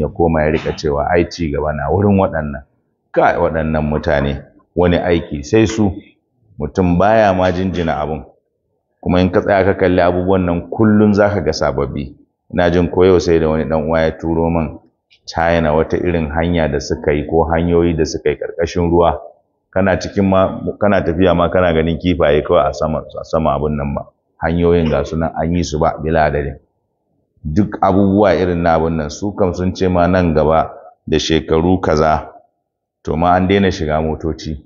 ya koma ya rika cewa ai ci gaba na wurin waɗannan ka waɗannan mutane wani aiki sai su mutum baya ma jinjina abun kuma in ka tsaya ka kalli abubuwan nan kullun zaka ga sababbi ina jin koyo sai da wani dan uwa ya turo man China wata irin hanya da suka yi ko hanyoyi da suka yi karkashin ruwa kana cikin ma kana tafiya ma kana ganin kifaye kawai a sama a sama abun nan ba hanyoyin ga sunan an yi su ba bila adadin duk abubuwa irin na abin nan su kam sun ce ma nan gaba da shekaru kaza to ma an daina shiga motoci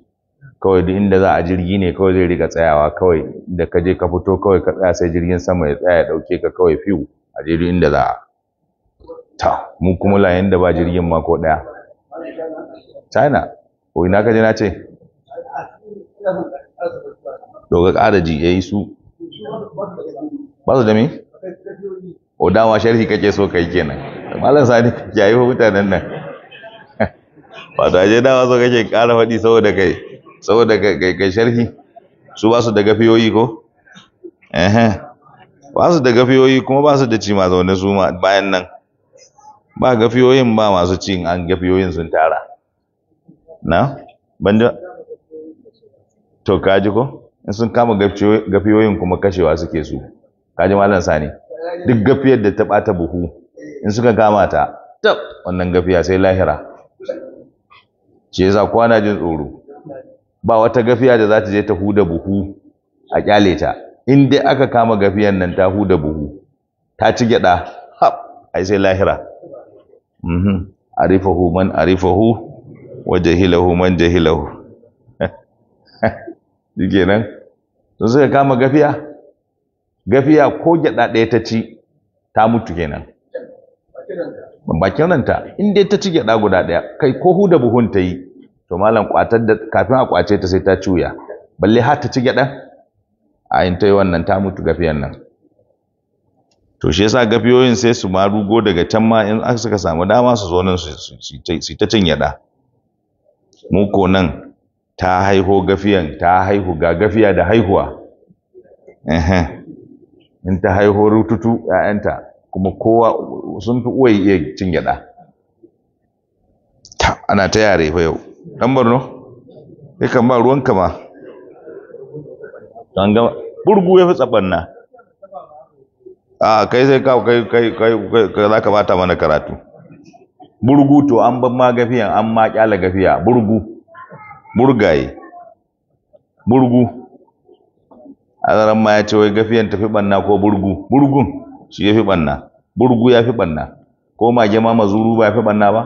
kawai duk inda za a jirgi ne kawai zai riga tsayawa kawai da ka je ka fito kawai ka tsaya sai jirgin sama ya tsaya ya dauke ka kawai fiw a je duk inda za a ta mu kuma layin da ba jirgin ma ko daya china ko ina ka je na ce doga kada ji yayi su ba su da me o dama sharhi kake so kai kenan malam sani yayi fa mutanen nan wato aje dama so kake kara faɗi saboda kai saboda kai kai sharhi su ba su da gafiyoyi ko eh ba su da gafiyoyi kuma ba su da ci ma zaune su ma bayan nan ba gafiyoyin ba masu cin an gafiyoyin sun tara na banda to kaji ko in sun kama gafiyoyin kuma kashewa suke su kaji malam sani duk gafiyar da ta bata buhu in suka kama ta tab wannan gafiya sai lahira ce yasa kwana jin tsoro ba wata gafiya da za ta je ta huda buhu a kyale ta in dai aka kama gafiyan nan ta huda buhu ta ci gyada hab ai sai lahira mhm arifahu man arifahu wa jahilahu man jahilahu shikenan sun suka kama gafiya gafiya ko gyaɗa ɗaya ta ci ta mutu kenan bakin ranta in dai ta ci gyaɗa guda ɗaya kai ko huda buhun ta yi to malam kwatar da kafin a kwace ta sai ta cuya balle har ta ci gyaɗa a in ta yi wannan ta mutu gafiyan nan to shi yasa gafiyoyin sai su ma rugo daga can ma in aka suka samu dama su zo nan su ta cin gyaɗa mu nan ta haiho gafiyan ta haihu ga gafiya da haihuwa in ta haihu rututu ‘ya'yanta kuma kowa sun fi uwai iya cin gyaɗa ta ana ta yare fa yau ɗan barno ya kan ba ruwan kama an gama burgu ya fi tsabanna a kai sai ka kai kai kai kai za ka bata mana karatu burgu to an ban ma gafiyan an ma kyala gafiya burgu burgaye burgu azaran ma ya ce wai gafiyan tafi banna ko burgu burgun shi ya fi banna burgu ya fi banna ko mage ma mazuru ba ya fi banna ba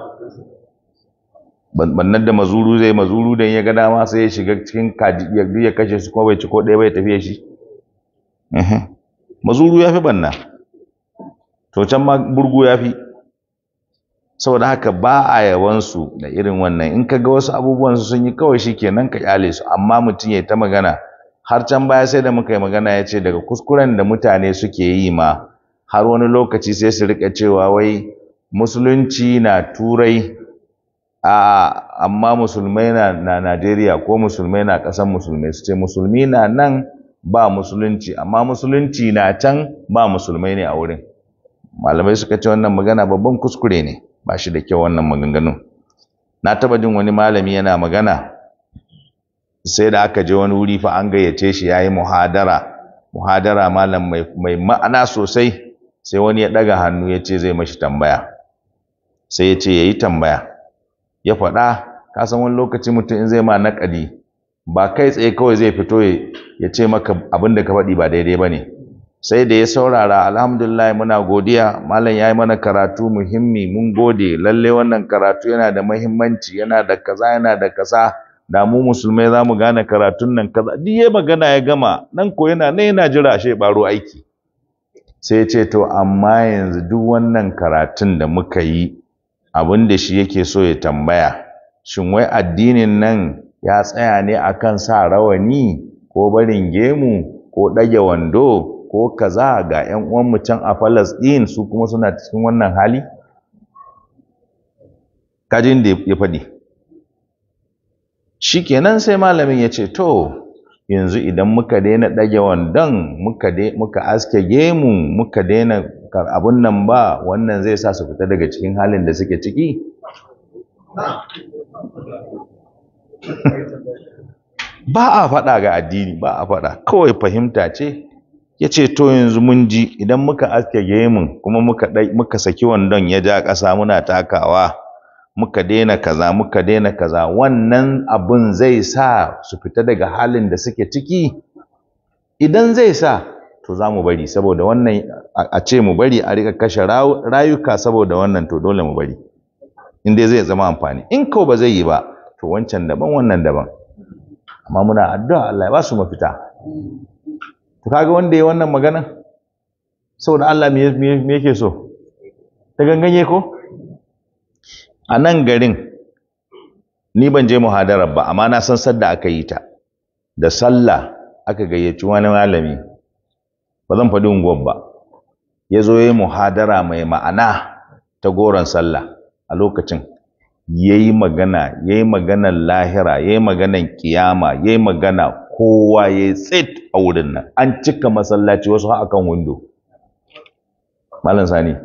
bannan da mazuru zai mazuru dan ya ga dama sai ya shiga cikin kaji ya kashe su kuma bai ci ko ɗaya bai tafiye shi mazuru ya fi banna to can ma burgu ya fi saboda haka ba a yawansu da irin wannan in ka ga wasu abubuwan sun yi kawai shi kenan ka kyale su amma mutum ya ta magana har can baya sai da muka yi magana ya ce daga kuskuren da mutane suke yi ma har wani lokaci sai su rika cewa wai musulunci na turai a amma musulmai na, najeriya ko musulmai na kasan musulmai su ce musulmi na nan ba musulunci amma musulunci na can ba musulmai ne a wurin malamai suka ce wannan magana babban kuskure ne ba shi da kyau wannan maganganun na taba jin wani malami yana magana sai da aka je wani wuri fa an gayyace shi yayi muhadara muhadara malam mai ma'ana sosai sai wani ya daga hannu ya ce zai mashi tambaya sai ya ce yayi tambaya ya faɗa ka san wani lokaci mutum in zai ma naƙadi ba kai tsaye kawai zai fito ya ce maka abin da ka faɗi ba daidai ba ne sai da ya saurara alhamdulillah muna godiya malam ya yi mana karatu muhimmi mun gode lalle wannan karatu yana da mahimmanci yana da kaza yana da kaza da mu musulmai za mu gane karatun nan kaza duk ya magana ya gama nan ko yana ne yana jira ya baro aiki sai ce to amma yanzu duk wannan karatun da muka yi abin da shi yake so ya tambaya shin wai addinin nan ya tsaya ne akan sa rawani ko barin gemu ko dage wando ko kaza ga 'yan uwanmu can a Falasɗin su kuma suna cikin wannan hali? Kajin da ya faɗi. shikenan sai malamin ya ce to yanzu idan muka daina ɗage wandon muka muka aske gemu muka daina abun nan ba wannan zai sa su fita daga cikin halin da suke ciki ba a faɗa ga addini ba a faɗa kawai fahimta ce ya ce to yanzu mun ji idan muka aske gemun kuma muka muka saki wandon ya ja ƙasa muna takawa muka daina kaza muka daina kaza wannan abun zai sa su fita daga halin da suke ciki idan zai sa to za mu bari saboda wannan a ce mu bari a rika kashe rayuka saboda wannan to dole mu bari in dai zai zama amfani in ko ba zai yi ba to wancan daban wannan daban amma muna addu'a Allah ya ba su mafita to kaga wanda ya wannan magana saboda Allah me yake so ta ganganye ko a nan garin ni ban je muhadarar ba amma na san sadda aka yi ta da sallah aka gayyaci wani malami ba zan faɗi unguwar ba ya zo ya yi muhadara mai ma'ana ta goron sallah a lokacin ya yi magana ya yi maganar lahira ya yi maganar kiyama ya yi magana kowa ya yi tsit a wurin nan an cika masallaci wasu kan windo malam sani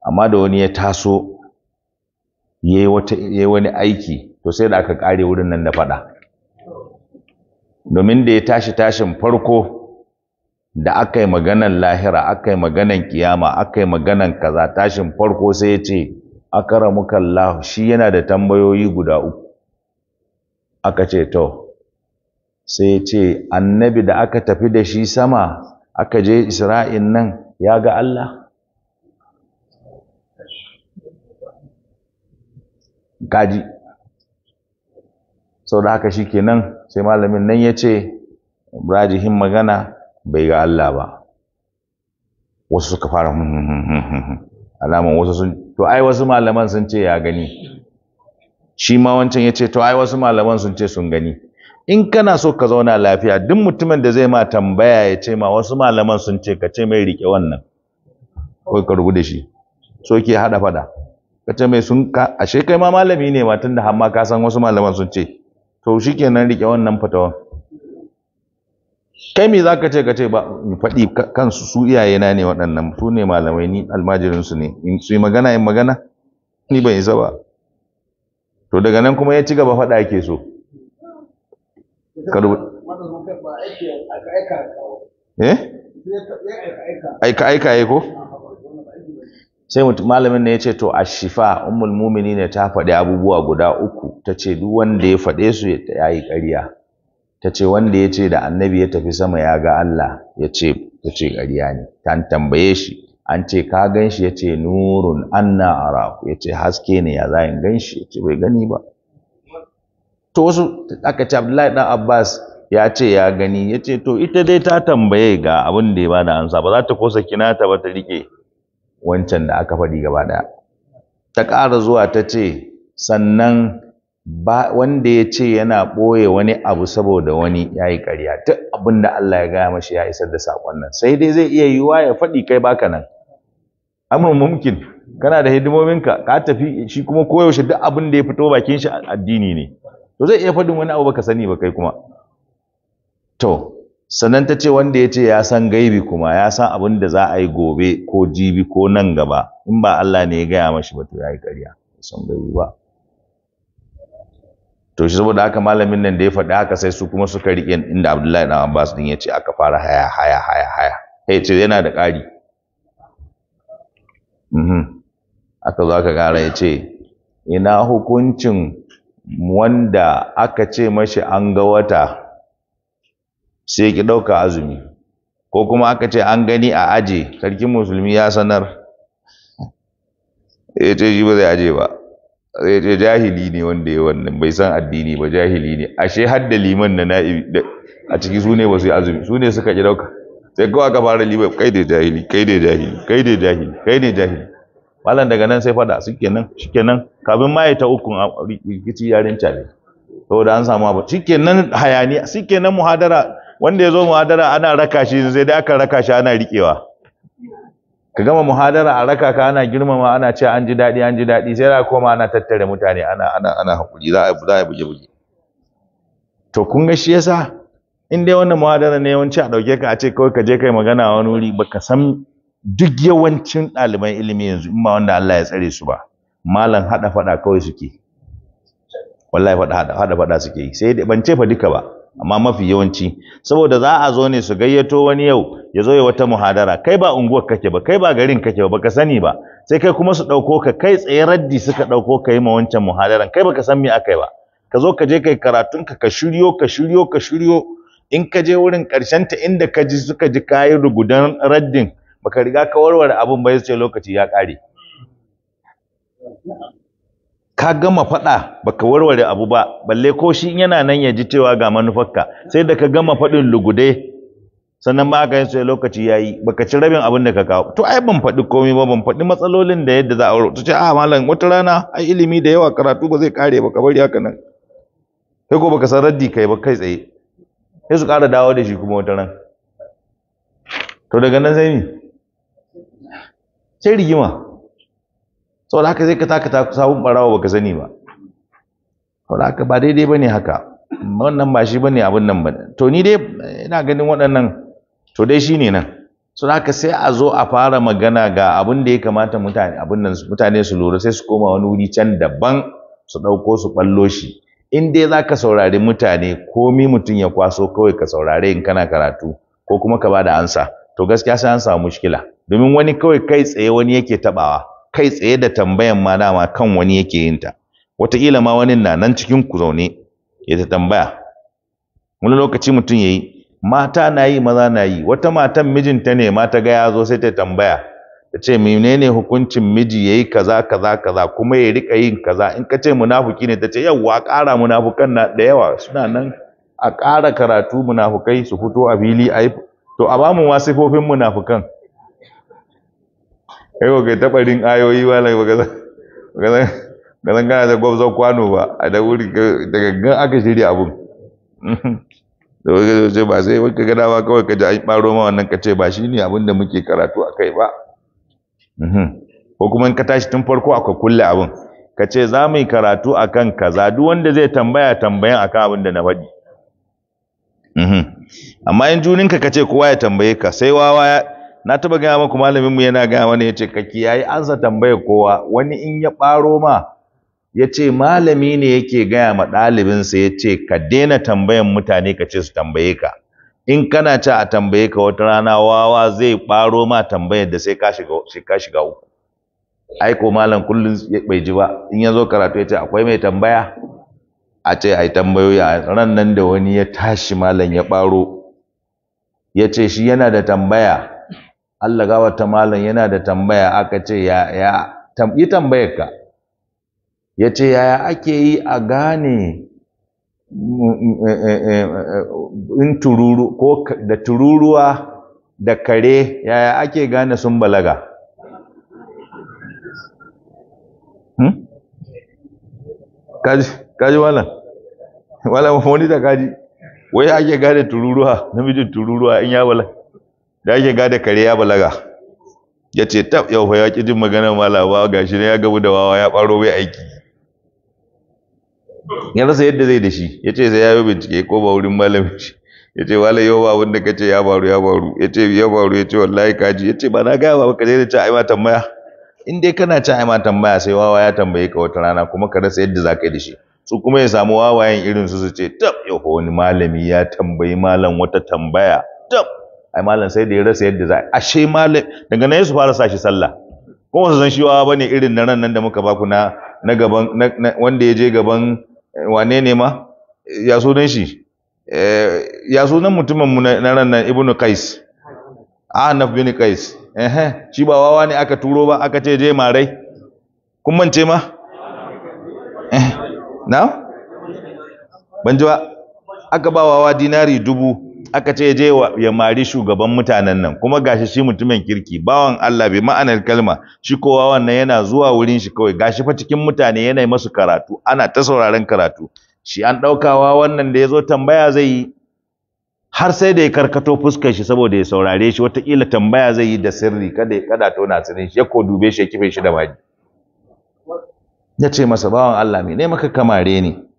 amma da wani ya taso yayi yi wani aiki to sai da aka kare wurin nan da fada domin da ya tashi tashin farko da aka yi maganan lahira aka yi maganan kiyama aka yi maganan kaza tashin farko sai ya ce akaramuka Allah shi yana da tambayoyi guda uku aka ce to sai ya ce annabi da aka tafi da shi sama aka je Isra'in nan ya ga Allah kaji sau da haka shi kenan sai malamin nan ya ce rajihin magana bai ga Allah ba wasu suka fara hmm, hmm, hmm, alaman wasu sun to ai wasu malaman sun ce ya gani shi ma wancan ya ce to ai wasu malaman sun ce sun gani in kana so ka zauna lafiya duk mutumin da zai ma tambaya ya ce ma wasu malaman sun ce ka ce mai rike wannan kawai ka rubu da shi so ke hada fada Kace mai sun ka ashe kai ma malami ne ma tunda har ma ka san wasu malaman sun ce to shikenan rike wannan fatawan kai me zaka ce ka ce ba in faɗi kansu su iyaye na ne waɗannan su ne malamai ni almajirin su ne in su yi magana in magana ni ban isa ba to daga nan kuma ya ci gaba faɗa yake so ka aika aika aika ko sai malamin ne ya ce to ashifa umul mumini ne ta faɗi abubuwa guda uku ta ce duk wanda ya faɗe su ya yi ƙarya ta ce wanda ya ce da annabi ya tafi sama ya ga Allah ya ce ta ce ƙarya ne ta tambaye shi an ce ka gan shi ya ce nurun anna araku ya ce haske ne ya zayin gan shi ya ce bai gani ba to wasu aka ce abdullahi dan abbas ya ce ya gani ya ce to ita dai ta tambaye ga abin da ya bada ansa ba za ta kosa kinata ba ta rike wancan da aka faɗi gaba ɗaya ta ƙara zuwa ta ce sannan ba wanda ya ce yana ɓoye wani abu saboda wani ya yi ƙarya duk abin da Allah ya gaya mashi ya isar da saƙon nan sai dai zai iya yiwuwa ya faɗi kai baka nan amur mumkin kana da hidimominka ka tafi shi kuma koyaushe duk abin da ya fito bakin shi addini ne to zai iya faɗin wani abu baka sani ba kai kuma to sannan ta ce wanda ya ce ya san gaibi kuma ya san abin da za a yi gobe ko jibi ko nan gaba in ba Allah ne ya gaya mashi ba to ya yi ƙarya san gaibi ba to shi saboda haka malamin nan da ya faɗi haka sai su kuma suka riƙe inda Abdullahi dan Abbas din ya ce aka fara haya haya haya haya Ya ce yana da ƙari mhm. aka zo aka gara ya ce ina hukuncin wanda aka ce mashi an ga wata sai ki ɗauka azumi ko kuma aka ce an gani a aje sarkin musulmi ya sanar ya ce shi ba zai aje ba zai ce jahili ne wanda ya wannan bai san addini ba jahili ne ashe har da liman na na'ibi a ciki su ne ba su yi azumi su ne suka ki ɗauka sai kawai aka fara liman kai da jahili kai da jahili kai da jahili kai da jahili malam daga nan sai fada su kenan shi kenan kafin ma ya ta ukun rikici yarin cale saboda an samu abu shi kenan hayaniya shi kenan muhadara wanda ya zo muhadara ana raka shi sai dai aka raka shi ana rikewa. ka gama muhadara a raka ka ana girmama ana ce an ji daɗi an ji daɗi sai za koma ana tattare mutane ana ana ana hakuri za a za a buge buge to kun ga shi yasa in dai wannan muhadara ne yawanci a dauke ka a ce kawai ka je kai magana a wani wuri baka san duk yawancin ɗaliban ilimi yanzu in ba wanda Allah ya tsare su ba malam hada fada kawai suke wallahi fada hada fada suke sai ban ce fa duka ba amma mafi yawanci saboda za a zo ne su gayyato wani yau ya zo ya wata muhadara kai ba unguwar kake ba kai ba garin kake ba baka sani ba sai kai kuma su ɗauko ka kai tsaye raddi suka ɗauko ka yi ma wancan muhadaran kai baka san me akai ba ka zo ka je kai karatun ka shiryo ka shiryo ka shiryo in ka je wurin karshen ta inda ka ji suka ji kayi rugudan raddin baka riga ka warware abin ba sai lokaci ya ƙare ka gama faɗa baka warware abu ba balle ko shi yana nan ya ji cewa ga manufarka sai da ka gama faɗin lugude sannan ba ka yi sai lokaci yayi baka ci rabin abin da ka kawo to ai ban faɗi komai ba ban faɗi matsalolin da yadda za a warware to ce a malam wata rana ai ilimi da yawa karatu ba zai kare ba ka bari haka nan sai ko baka san raddi kai ba kai tsaye sai su ƙara dawo da shi kuma wata ran to daga nan sai ni sai rigima saboda haka zai ka taka sabon barawa baka sani ba saboda haka ba daidai bane haka wannan ba shi bane abin nan ba to ni dai ina ganin waɗannan to dai shine nan saboda haka sai a zo a fara magana ga abin da ya kamata mutane abin nan mutane su lura sai su koma wani wuri can daban su ɗauko su ɓallo shi in dai za ka saurari mutane komi mutum ya kwaso kawai ka saurare in kana karatu ko kuma ka bada ansa to gaskiya sai an samu mushkila domin wani kawai kai tsaye wani yake tabawa kai tsaye da tambayan ma dama kan wani yake yin ta wataƙila ma wani na nan cikin ku zaune ya ta tambaya wani lokaci mutum yayi mata na yi maza na yi wata matan mijinta ne ma ta ga ya zo sai ta tambaya ta ce menene hukuncin miji yayi kaza kaza kaza kuma ya rika yin kaza in ka ce munafuki ne ta ce yawa ƙara munafukan na da yawa suna nan a ƙara karatu munafukai su fito a fili a to a bamu ma munafukan kai ko kai tabarin ayoyi ba lai baka san ga zan gana da gwabzon kwano ba a da wuri daga gan aka shirya abun da da ce ba sai wani gada ba kawai ka ji an baro ma wannan ka ce ba shi ne abin da muke karatu a kai ba ko kuma in ka tashi tun farko akwai kulle abin ka ce za mu yi karatu a kan kaza duk wanda zai tambaya tambayan a kan abin da na faɗi amma in juninka ka ce kowa ya tambaye ka sai wawa na taba gaya maku malamin mu yana gaya wani kaki. ka yi ansa tambaya kowa wani in ya ɓaro ma yace malami ne yake gaya ma ɗalibinsa yace ka daina tambayan mutane ka ce su tambaye ka in kana ta a tambaye ka wata rana wawa zai ɓaro ma tambayar da sai ka shiga ka shiga uku ai ko malam kullun bai ji ba in ya zo karatu yace akwai mai tambaya a ce ai tambayoyi a ran nan da wani ya tashi malam ya ɓaro yace shi yana da tambaya Allah gawata malam yana da tambaya aka ce ya ya tam, yi tambayar ka yace yaya ake yi a gane in tururu ko da tururuwa da kare yaya ake gane sun balaga hmm? kaji kaji wala malam wani da kaji wai ake gane tururuwa namijin tururuwa in ya balaga da ake gada kare ya balaga ya ce tab yau fa ya ki jin maganar Ga gashi ne ya gabu da wawa ya ɓaro bai aiki ya rasa yadda zai da shi ya ce sai ya yi bincike ko ba wurin malamin shi ya ce wala yau ba wanda ka ce ya faru ya faru ya ce ya faru ya ce wallahi kaji ya ce ba na gaya ba ka je da ci ai ma tambaya in dai kana cin ai ma tambaya sai wawa ya tambaye ka wata rana kuma ka rasa yadda za ka yi da shi su kuma ya samu wawayen irin su su ce tab yau wani malami ya tambayi malam wata tambaya tab ai malam sai da ya rasa yadda za a she malam daga nan su fara sa shi sallah kuma su san shi wa bane irin na ran nan da muka baku na na gaban wanda ya je gaban eh, wane ne ma ya sunan shi eh, ya sunan mutumin mu na ran nan ibnu qais ah, anaf bin qais eh shi ba wawa ne aka turo ba aka ce je marai kun mance ma eh, na ban ji ba aka ba wawa dinari dubu aka ce je wa ya mari shugaban mutanen nan kuma gashi shi mutumin kirki bawan Allah bai ma'anar kalma shi kowa wannan yana zuwa wurin shi kawai gashi fa cikin mutane yana masu karatu ana ta sauraron karatu shi an daukawa wannan da yazo tambaya zai yi har sai da ya karkato fuskar shi saboda ya saurare shi wataƙila tambaya zai yi da sirri kada ya kada tona sirrin shi ya ko dube shi ya kife shi da baji ya ce masa bawan Allah me ne maka kamare ne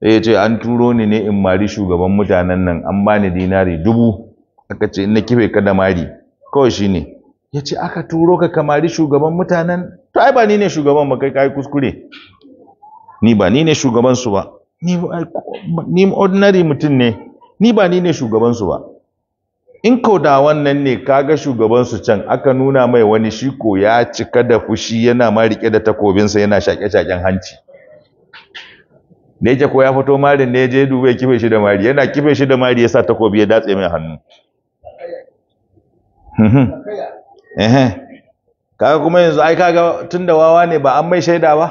sai ya ce an turo ni ne in mari shugaban mutanen nan an bani dinari dubu aka ce na kife ka da mari kawai shi ne ya ce aka turo ka kamari shugaban mutanen to ai ba ni ne shugaban ba kai kai kuskure ni ba ni ne shugaban su ba ni ordinary mutum ne ni ba ni ne shugaban su ba in ko da wannan ne kaga shugaban su can aka nuna mai wani shi ya cika da fushi yana ma rike da takobinsa yana shaƙe-shaƙen hanci da yake ko ya fito marin ne je dubu kife shi da mari yana kife shi da mari ya sa takobi ya datse mai hannu mhm. kaga kuma yanzu ai kaga tun da wawa ne ba an mai shaida ba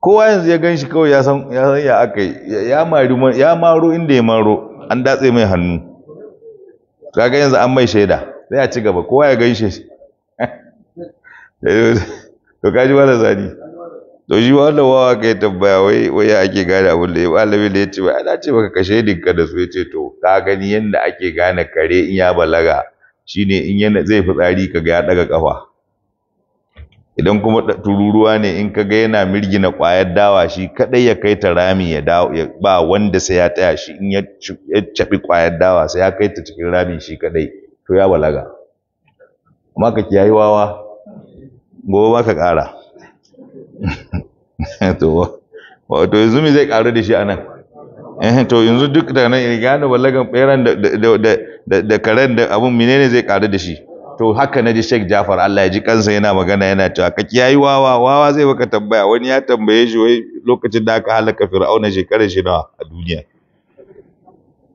kowa yanzu ya gan shi kawai ya san ya san ya akai ya mari ya maro inda ya maro an datse mai hannu kaga yanzu an mai shaida sai a ci gaba kowa ya gan shi to kaji wala zani to shi wannan wawa kai tambaya wai wai ya ake gane abin da ya malami da ya ce ba ana ce baka kashe din ka da su ya ce to ka gani yanda ake gane kare in ya balaga shine in yana zai fitsari ka ga ya daga kafa idan kuma tururuwa ne in ka ga yana mirgina kwayar dawa shi kadai ya kai ta rami ya dawo ba wanda sai ya taya shi in ya cabi kwayar dawa sai ya kai ta cikin rami shi kadai to ya balaga amma ka kiyayi wawa gobe ba ka kara to wato yanzu me zai karu da shi a nan eh to yanzu duk da nan ya wallagan beran da da da karen da abun menene zai karu da shi to haka naji Sheikh Jafar Allah ya ji kansa yana magana yana cewa ka kiyayi wawa wawa zai baka tambaya wani ya tambaye shi wai lokacin da aka halaka Fir'auna shekarar shi nawa a duniya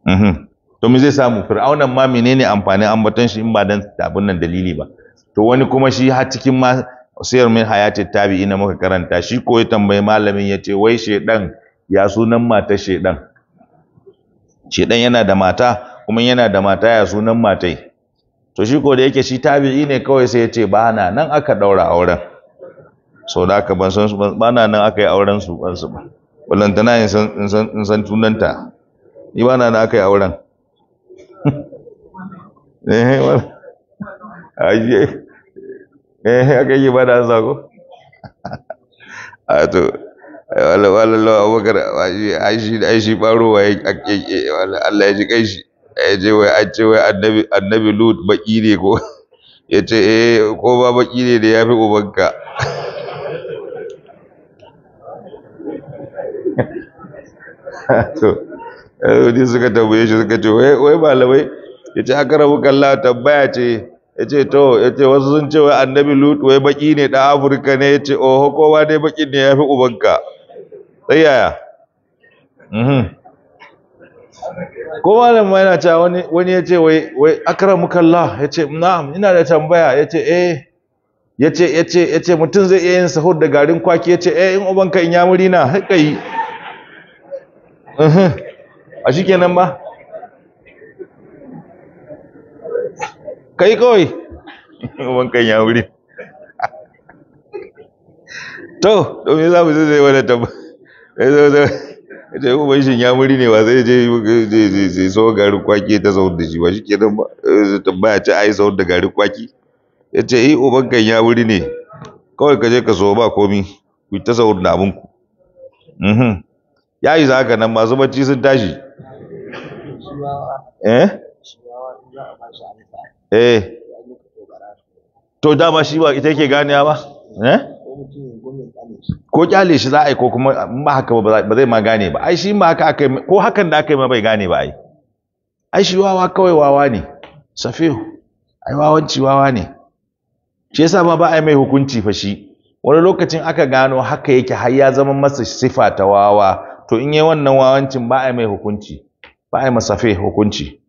mhm to me zai samu Fir'aunan ma menene amfanin ambaton shi in ba dan abun nan dalili ba to wani kuma shi har cikin ma siyar min hayati na muka karanta shi ko ya tambayi malamin ya ce wai shedan ya sunan mata shedan shedan yana da mata kuma yana da mata ya sunan matai to shi ko da yake shi tabi'i ne kawai sai ya ce ba na nan aka daura auren so da aka ban san su ba na nan aka yi auren su ban su ba tana in san in san in san tunanta ni ba na nan aka yi auren eh ai eh aka yi bada da ko a ah, to wala wala lo abubakar ai shi ai shi wala Allah ya ji kai shi ya je wai an ce wai annabi annabi lut baki ne ko ya ce eh ko ba baki ne da yafi ubanka to eh suka tabbaye shi suka ce wai wai malamai yace aka rabu kallah tambaya ce yace to yace wasu sun ce wai annabi lut wai baki ne da afirka ne yace oho kowa dai bakin ne yafi ubanka sai yaya mhm ko malam ma yana ta wani wani yace wai wai akramukallah yace na'am ina da tambaya yace eh yace yace yace mutum zai iya yin sahur da garin kwaki yace eh in ubanka in yamuri na haƙai mhm a shikenan ba kai kawai kan ya wuri to domin za mu zai zai wani tabba ita yi uban shin ya wuri ne ba zai je zai so garin kwaki ta sauran da shi ba shi ke nan ba eh, ya ce ai sauran da garin kwaki ya ce yi eh, uban kan ya wuri ne kawai ka je ka so ba komi ku ta sauran da ku! Mhm. ya yi za ka nan masu bacci sun tashi eh eh to dama shi ba ita yake ganiya ba eh ko kyale shi za a yi ko kuma ba haka ba zai ma gane ba ai shi ma haka aka ko hakan da aka yi ma bai gane ba ai ai shi wawa kawai wawa ne safihu ai wawanci wawa ne shi yasa ma ba a yi mai hukunci fa shi wani lokacin aka gano haka yake har ya zama masa sifa ta wawa to in yi wannan wawancin ba a yi mai hukunci ba a yi masa hukunci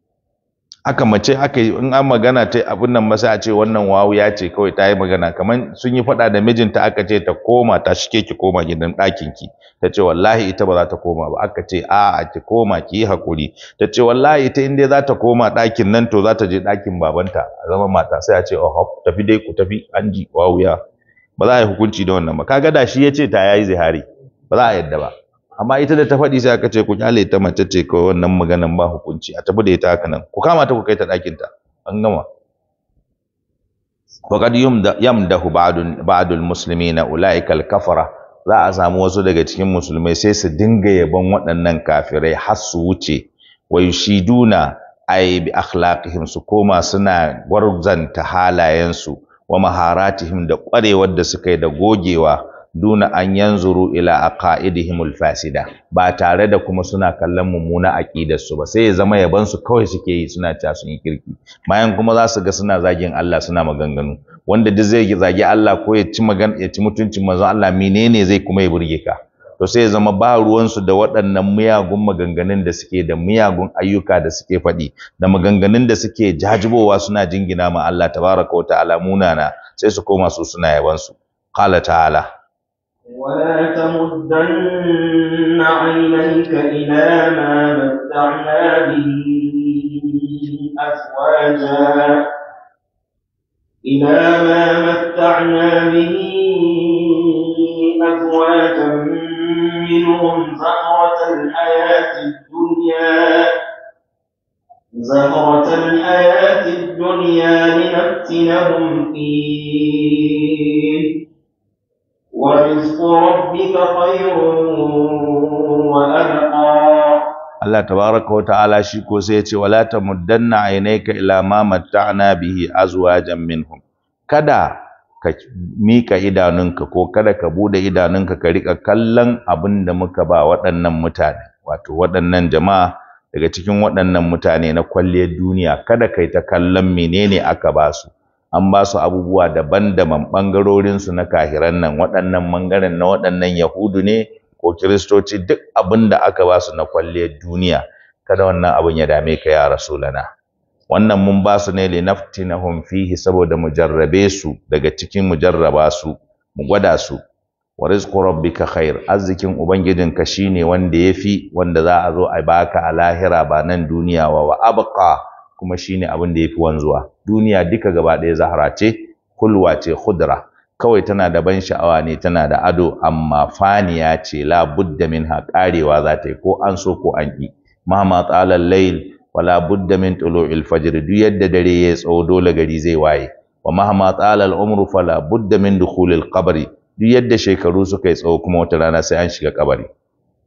Aka mace aka yi in an magana ta abin nan masa a ce wannan wawu ya ce kawai ta yi magana kamar sun yi faɗa da mijinta aka ce ta koma ta shike ki koma gidan ɗakin ki ta ce wallahi ita ba za ta koma ba aka ce a a ki koma ki hakuri ta ce wallahi ita in dai za ta koma ɗakin nan to za ta je ɗakin babanta a zama mata sai a ce oh tafi dai ku tafi an ji wawu ya ba za a yi hukunci da wannan ba kaga da shi ya ce ta yayi zihari ba za a yadda ba amma ita da ta faɗi sai aka ce ku kyale ta mace ce kawai wannan maganan ba hukunci a tafi da ita haka nan ku kama ta ku kai ta ɗakin ta an gama faqad yamdahu ba'dul ba'dul muslimina ulaika al-kafara za a samu wasu daga cikin musulmai sai su dinga yabon waɗannan kafirai har su wuce wa yushiduna ay bi akhlaqihim su koma suna gwarzanta halayensu wa maharatihim da ƙwarewar da suka yi da gogewa duna an yanzuru ila himul fasida ba tare da kuma suna kallon mummuna aqidar su ba sai ya zama yaban su kawai suke yi suna ta sun yi kirki bayan kuma za su ga suna zagin Allah suna maganganu wanda duk zai zagi Allah ko ya ci magan ya ci mutuncin manzon Allah menene zai kuma ya burge ka to sai ya zama ba ruwan su da waɗannan miyagun maganganun da suke da miyagun ayyuka da suke faɗi da maganganun da suke jajibowa suna jingina ma Allah tabaraka wa ta'ala munana sai su koma su suna yaban su qala ta'ala ولا تمدن عينيك إلى ما متعنا به أزواجا إلى ما متعنا به أزواجا منهم زهرة الحياة الدنيا زهرة الحياة الدنيا لنفتنهم فيه ورزق ربك خير وأبقى Allah tabaraka wa ta'ala shi ko sai ya ce wala tamuddanna aynayka ila ma matta'na bihi azwajan minhum kada ka mika idanunka ko kada ka bude idanunka ka rika kallon abin da muka ba waɗannan mutane wato waɗannan jama'a daga cikin waɗannan mutane na kwalliyar duniya kada kai ta kallon menene aka ba su an ba su abubuwa daban-daban ɓangarorinsu na kahiran nan waɗannan mangaren na waɗannan yahudu ne ko kiristoci duk abin da aka ba su na kwalliyar duniya kada wannan abin ya dame ka ya rasulana wannan mun ba su ne naftinahum fihi saboda mu jarrabe su daga cikin mu su mu gwada su wa rizqu rabbika khair arzikin ubangijinka shine wanda yafi wanda za a zo a baka a lahira ba nan duniya wa wa abqa kuma shine abin da yafi wanzuwa duniya duka gaba ɗaya Zahra ce hulwa ce khudra kawai tana da ban sha'awa ne tana da ado amma faniya ce la budda minha karewa za ta yi ko an so ko an ki mahma tsalar layl wala budda min tulu'il fajr duk yadda dare ya tsawo dole gari zai waye wa mahma tsalar umru fala budda min dukhulil qabri duk yadda shekaru suka yi tsawo kuma wata rana sai an shiga kabari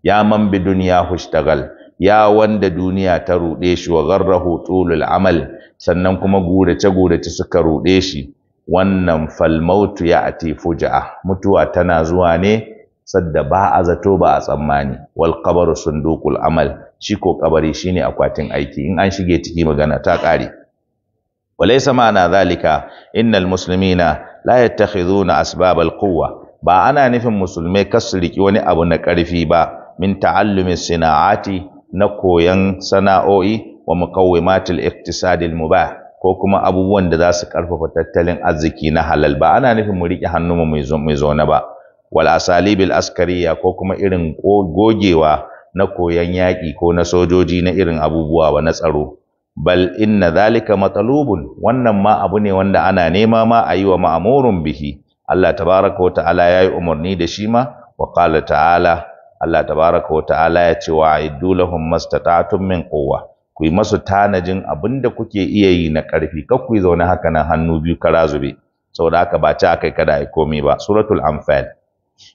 ya man bi duniya hushtagal ya wanda duniya ta ruɗe shi wa garrahu tulul amal sannan kuma gurace gurace suka ruɗe shi wannan falmautu ya ati fuja'a mutuwa tana zuwa ne sadda ba a zato ba a tsammani wal qabru sunduqul amal shi ko kabari shine akwatin aiki in an shige ciki magana ta kare walaysa ma'ana zalika innal muslimina la yattakhidhuna na al quwwa ba ana nufin musulmai kasu riki wani abu na karfi ba min ta'allumi sina'ati na koyan sana'o'i wa muqawwimatil iqtisadil mubah ko kuma abubuwan da za su karfafa tattalin arziki na halal ba ana nufin mu riƙe hannunmu mai zaune ba wal asalibil askariya ko kuma irin gogewa na koyan yaki ko na sojoji na irin abubuwa ba na tsaro bal inna zalika matalubun wannan ma abu ne wanda ana nema ma a yi wa ma'amurun bihi Allah tabaraka wa ta'ala ya yi umarni da shi ma wa qala ta'ala Allah tabaraka wa ta'ala ya ce wa aiddu mastata'tum min quwwa ku yi masu tanajin abinda kuke iya yi na karfi, kar ku yi zaune haka nan hannu biyu kara zube saboda haka ba ci akai kada ai komai ba suratul anfal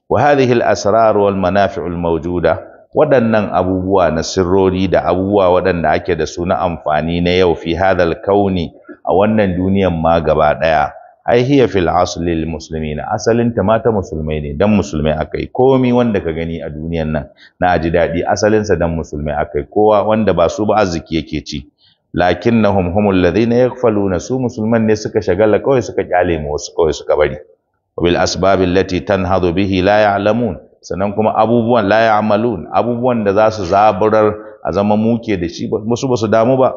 wa hadhihi al-asrar wal manafi'ul mawjuda waɗannan abubuwa na sirrori da abubuwa waɗanda ake da su na amfani na yau fi hadal kauni a wannan duniyar ma gaba ɗaya ai hiya fil asli lil muslimina asalin ta mata musulmai ne dan musulmai akai komi wanda ka gani a duniyan nan na ji dadi asalin sa dan musulmai akai kowa wanda ba su ba arziki yake ci lakinnahum humul ladina yaghfaluna su musulman ne suka shagala kawai suka kyale mu wasu kawai suka bari wabil asbabil lati tanhadu bihi la ya'lamun sannan kuma abubuwan la ya'malun abubuwan da za su zaburar a zama muke da shi ba su damu ba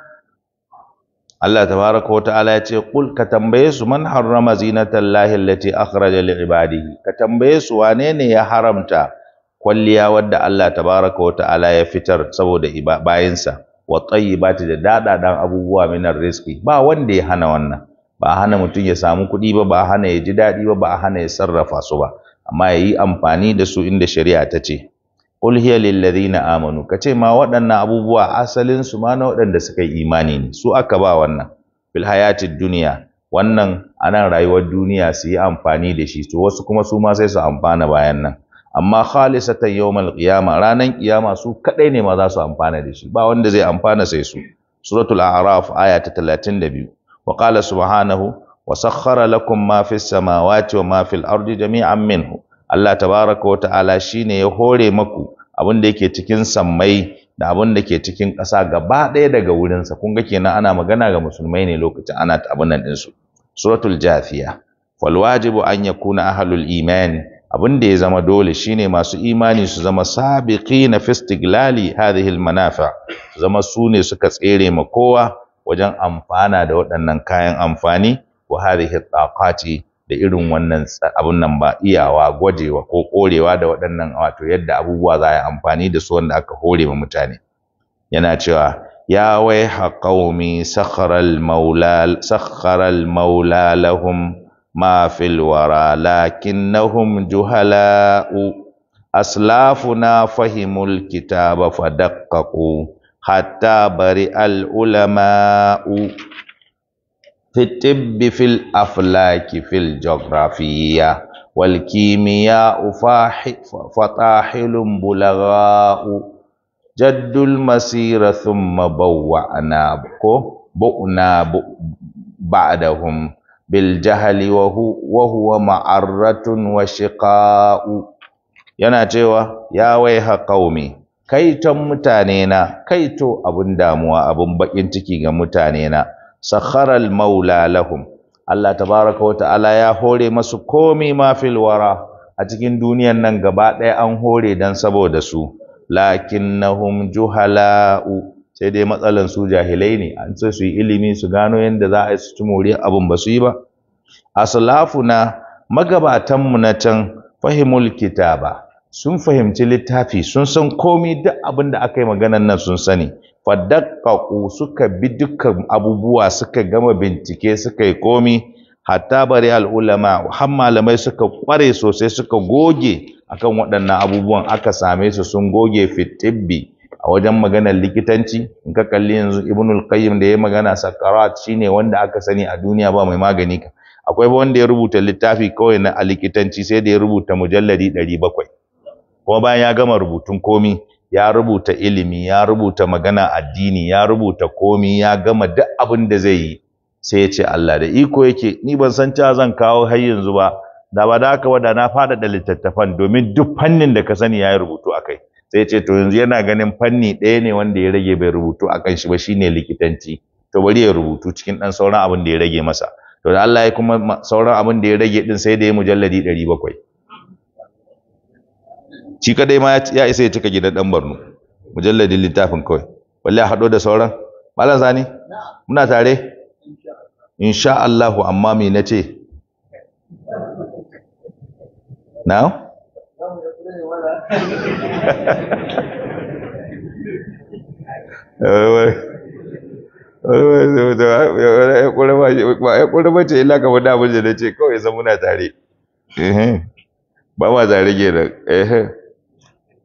Allah tabaraka wata'ala ya ce kul ka tambaye su man harrama zinatan lahi allati akhraja li ibadihi ka tambaye su wane ne ya haramta kwalliya wadda Allah tabaraka wata'ala ya fitar saboda bayinsa wa tayyibati da daɗaɗan abubuwa minar riski. ba wanda ya hana wannan ba hana mutum ya samu kuɗi ba ba hana ya ji daɗi ba ba hana ya sarrafa su ba amma ya yi amfani da su inda shari'a ta ce qul hiya lil ladina amanu kace ma waɗannan abubuwa asalin su ma na waɗanda suka yi imani ne su aka ba wannan fil hayatid dunya wannan anan rayuwar duniya su yi amfani da shi to wasu kuma su ma sai su amfana bayan nan amma khalisatan yawmal qiyama ranan ƙiyama su kadai ne ma za su amfana da shi ba wanda zai amfana sai su suratul a'raf aya ta 32 wa qala subhanahu wa sakhkhara lakum ma fis samawati wa ma fil ardi jami'an minhu Allah tabaraka wa ta'ala shine ya hore maku abin da yake cikin sammai da abin da ke cikin ƙasa gaba ɗaya daga wurinsa kun ga kenan ana magana ga musulmai ne lokacin ana abin nan ɗinsu suratul jafiya fal wajibu an yakuna ahlul iman abin da ya zama dole shine masu imani su zama sabiqina fi istiglali hadhihi al manafa zama su ne suka tsere ma kowa wajen amfana da waɗannan kayan amfani wa hadhihi taqati da irin wannan abun nan ba iyawa gwajewa ko korewa da waɗannan wato yadda abubuwa za a yi amfani da su wanda aka hore wa mutane yana cewa ya wai haƙaumi sakharal maula lahum ma fil wara nahum juhala'u aslafuna fahimul kitaba fadaqqaqu hatta bari al'ulama'u fitibbi fil aflaki fil jografiya wal kimiya ufahi fatahilun jaddul masira thumma bawwa'na ko bu'na ba'dahum bil jahali wa huwa huwa yana cewa ya waiha qaumi kaitan mutanena kaito abun damuwa abun baƙin ciki ga mutanena sakharal maula lahum Allah tabaraka wa ta'ala ya hore masu komi ma fil wara a cikin duniyan nan gaba ɗaya an hore dan saboda su lakinnahum juhala'u sai dai matsalan su jahilai ne an ce su yi ilimi su gano yadda za a yi su ci moriyar abin ba su yi ba aslafuna magabatanmu na can fahimul kitaba sun fahimci littafi sun san komi duk abin da aka yi maganan nan sun sani faddaqaqu suka bi dukkan abubuwa suka gama bincike suka yi komi hatta bari al har malamai suka kware sosai suka goge akan waɗannan abubuwan aka same su sun goge fitibbi a wajen maganar likitanci in ka kalli yanzu ibnul qayyim da ya magana sakarat shine wanda aka sani a duniya ba mai magani ka akwai wanda ya rubuta littafi kawai na a likitanci sai da ya rubuta mujalladi 700 kuma bayan ya gama rubutun komi ya rubuta ilimi ya rubuta magana addini ya rubuta komi ya gama duk abin da zai yi sai ya ce Allah da iko yake ni ban san cewa zan kawo har yanzu ba da ba da haka wada na faɗaɗa littattafan domin duk fannin da ka sani ya yi rubutu a kai sai ce to yanzu yana ganin fanni ɗaya ne wanda ya rage bai rubutu a kan shi ba shine likitanci to bari ya rubutu cikin ɗan sauran abin da ya rage masa to da Allah ya kuma sauran abin da ya rage din sai da ya mujalladi 700 shi kadai ma ya isa ya cika gidan dan barno. mujalladin littafin kawai wallahi hado da sauran malam sani muna tare insha Allah amma me nace now ya kurma ce ila kamar da abin da na ce kawai san muna tare ba ma tare ke nan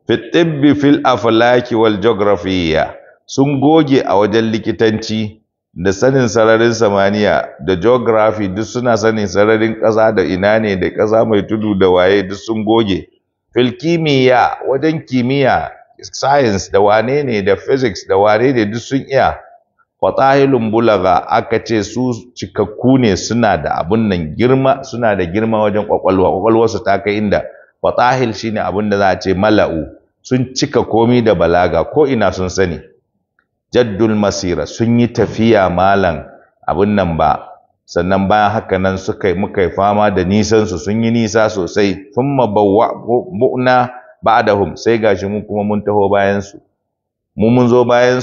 fitibbi fil aflaki wal geografiya sun goge a wajen likitanci da sanin sararin samaniya da geography duk suna sanin sararin ƙasa da ina ne da ƙasa mai tudu da waye duk sun goge fil kimiyya wajen kimiyya science da wane ne da physics da wane ne duk sun iya fatahilun bulaga aka ce su cikakku ne suna da abun nan girma suna da girma wajen kwakwalwa kwakwalwarsu ta kai inda fatahil shine abin da za a ce mala'u sun cika komi da balaga ko ina sun sani jaddul masira sun yi tafiya malan abin nan ba sannan bayan haka nan suka muka yi fama da nisansu, sun yi nisa sosai thumma bawwa mu'na ba'dahum sai gashi mu kuma mun taho bayan su mun zo bayan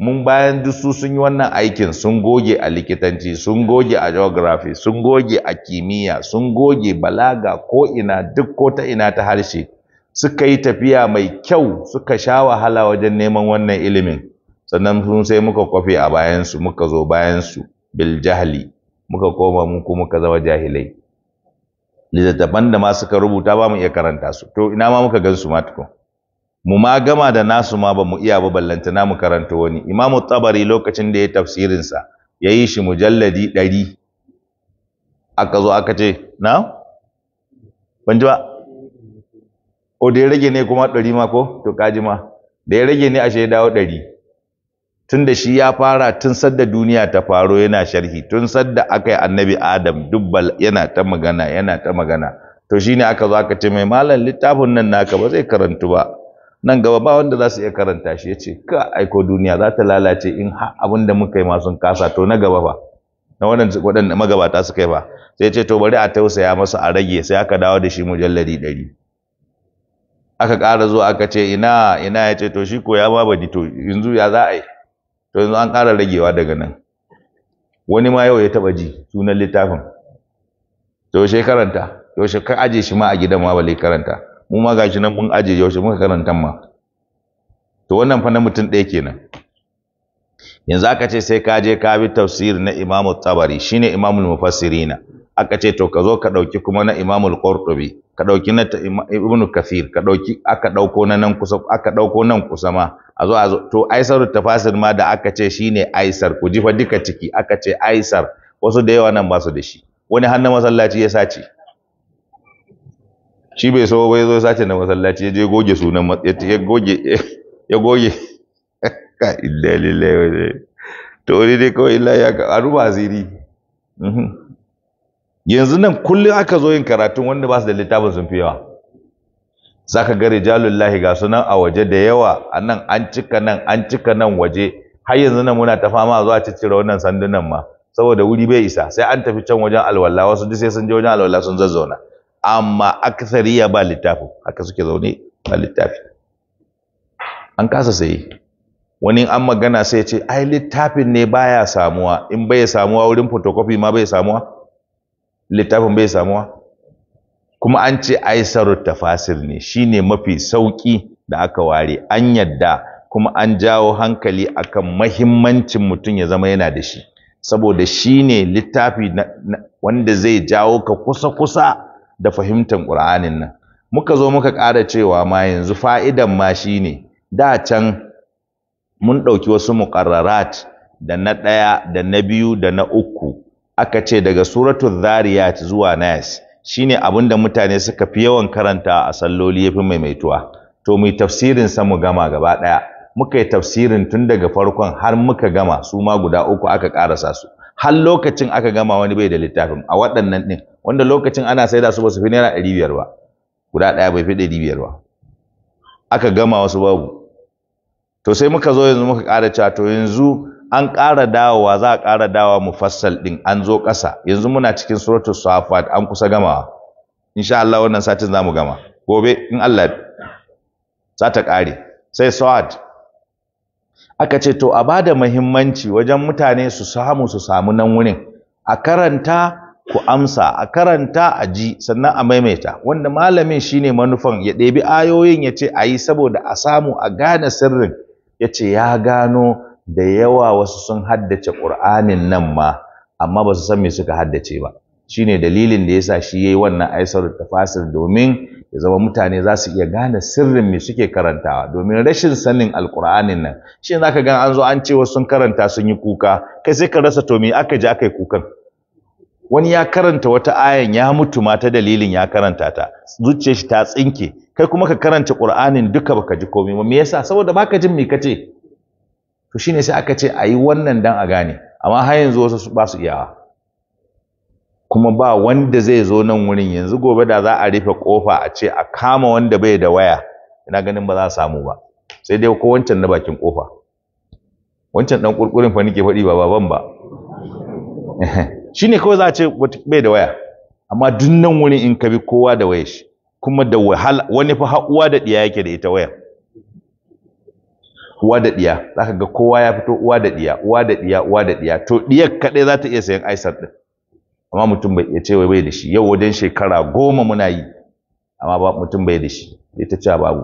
mun bayan duk su sun yi wannan aikin sun goge a likitanci sun goge a geography sun goge a kimiyya sun goge balaga ko ina duk ko ta ina ta harshe suka yi tafiya mai kyau suka sha wahala wajen neman wannan ilimin sannan sun sai muka kwafi a bayansu muka zo bayansu bil jahli muka koma mu kuma muka zama jahilai littattafan da ma suka rubuta ba mu iya karanta su to ina ma muka gan su mu ma gama da nasu ma ba mu iya ba na mu karanta wani imamu tabari lokacin da ya tafsirinsa ya yi shi mujalladi ɗari aka zo aka ce na ban ji ba o da ya rage ne kuma ɗari ma ko to kaji ma da ya rage ne ashe ya dawo ɗari tun da shi ya fara tun sadda duniya ta faro yana sharhi tun sadda aka yi annabi adam dubbal yana ta magana yana ta magana to shine aka zo aka ce mai malam littafin nan naka ba zai karantu ba nan gaba ba wanda za su iya karanta shi ya ce ka aiko duniya za ta lalace in ha abin da muka yi ma sun kasa to na gaba ba na waɗanda magabata su kai ba sai ya ce to bari a tausaya masa a rage sai aka dawo da shi mujalladi ɗari aka ƙara zuwa aka ce ina ina ya ce to shi ko ya ma bani to yanzu ya za a yi to yanzu an ƙara ragewa daga nan wani ma yau ya taɓa ji sunan littafin to shi karanta to shi ka aje shi ma a gidan ma bale karanta mu ma gashi nan mun aje yaushe muka karanta ma to wannan fa na mutum ɗaya kenan yanzu aka ce sai ka je ka bi tafsir na Imam Tabari shine Imam Mufassirina aka ce to ka zo ka dauki kuma na Imam Al-Qurtubi ka dauki na Ibn Kathir ka dauki aka dauko nan kusa aka dauko nan kusa ma a zo a zo to Aisar tafasir ma da aka ce shine Aisar ku ji fa duka ciki aka ce Aisar wasu da yawa nan ba su da shi wani har masallaci ya sace shi bai so bai zo sace na masallaci ya je goge sunan ya goge ya goge ka illa lillahi to wani dai kawai illa ya ka aruba asiri mhm. yanzu nan kullum aka zo yin karatun wanda ba su da littafin sun fi yawa za ka gare jalullahi ga sunan a waje da yawa a nan an cika nan an cika nan waje har yanzu nan muna ta fama zuwa ciccire wannan sandunan ma saboda wuri bai isa sai an tafi can wajen alwala wasu duk sai sun je wajen alwala sun zazzauna amma aksariya ba littafi haka suke zaune ba littafi an kasa sayi wani an magana sai ce ai littafin ne baya samuwa in bai samuwa wurin photocopy ma bai samuwa littafin bai samuwa kuma an ce ai sarut tafasir ne shine mafi sauki da aka ware an yadda kuma an jawo hankali akan mahimmancin mutum ya zama yana da shi saboda shine littafi wanda zai jawo ka kusa kusa da fahimtar ƙur'anin nan muka zo muka ƙara cewa ma yanzu fa'idan ma shine da can mun ɗauki wasu muqarrarat da na ɗaya da na biyu da na uku aka ce daga suratul zariyat zuwa nas shine abin da mutane suka fi yawan karanta a salloli yafi maimaituwa to mu tafsirin sa mu gama gaba ɗaya muka yi tafsirin tun daga farkon har muka gama su ma guda uku aka ƙarasa su har lokacin aka gama wani bai da littafin a waɗannan ɗin wanda lokacin ana saida su ba su fi naira ɗari biyar ba guda ɗaya bai fi ɗari biyar ba aka gama wasu babu to sai muka zo yanzu muka ƙara cewa to yanzu an ƙara dawowa za a ƙara dawowa mufassal ɗin an zo ƙasa yanzu muna cikin suratul safat an kusa gamawa insha Allah wannan satin za mu gama gobe in Allah za ta ƙare sai sawad aka ce to a bada muhimmanci wajen mutane su samu su samu nan wurin a karanta ku amsa a karanta a ji sannan a maimaita wanda malamin shine manufan ya ɗebi ayoyin ya ce a yi saboda a samu a gane sirrin ya ce ya gano da yawa wasu sun haddace ƙur'anin nan ma amma ba su san me suka haddace ba shine dalilin da yasa shi yayi wannan aisar tafasir domin ya zama mutane za su iya gane sirrin me suke karantawa domin rashin sanin alkur'anin nan shi za ka gani an zo an ce wasu sun karanta sun yi kuka kai sai ka rasa tomi aka ji aka yi kukan wani ya karanta wata ayan ya mutu ma ta dalilin ya karanta ta zuciyar shi ta tsinke kai kuma ka karanta qur'anin duka baka ji komai ba me yasa saboda baka jin me kace to shine sai aka ce ayi wannan dan a gane amma har yanzu wasu ba su iyawa kuma ba wanda zai zo nan wurin yanzu gobe da za a rufe kofa a ce a kama wanda bai da waya ina ganin ba za a samu ba sai dai ko wancan na bakin kofa wancan dan kurkurin fa nake faɗi ba baban ba shine kawai za a ce bai da waya amma duk nan wurin in ka bi kowa da wayar shi kuma da wahala wani fa uwa da diya yake da ita waya uwa da diya zaka ga kowa ya fito uwa da diya uwa da diya uwa da diya to diyar kadai za ta iya sayan aisar din amma mutum bai ce wai bai da shi yau wajen shekara goma muna yi amma ba mutum bai da shi bai ta ce babu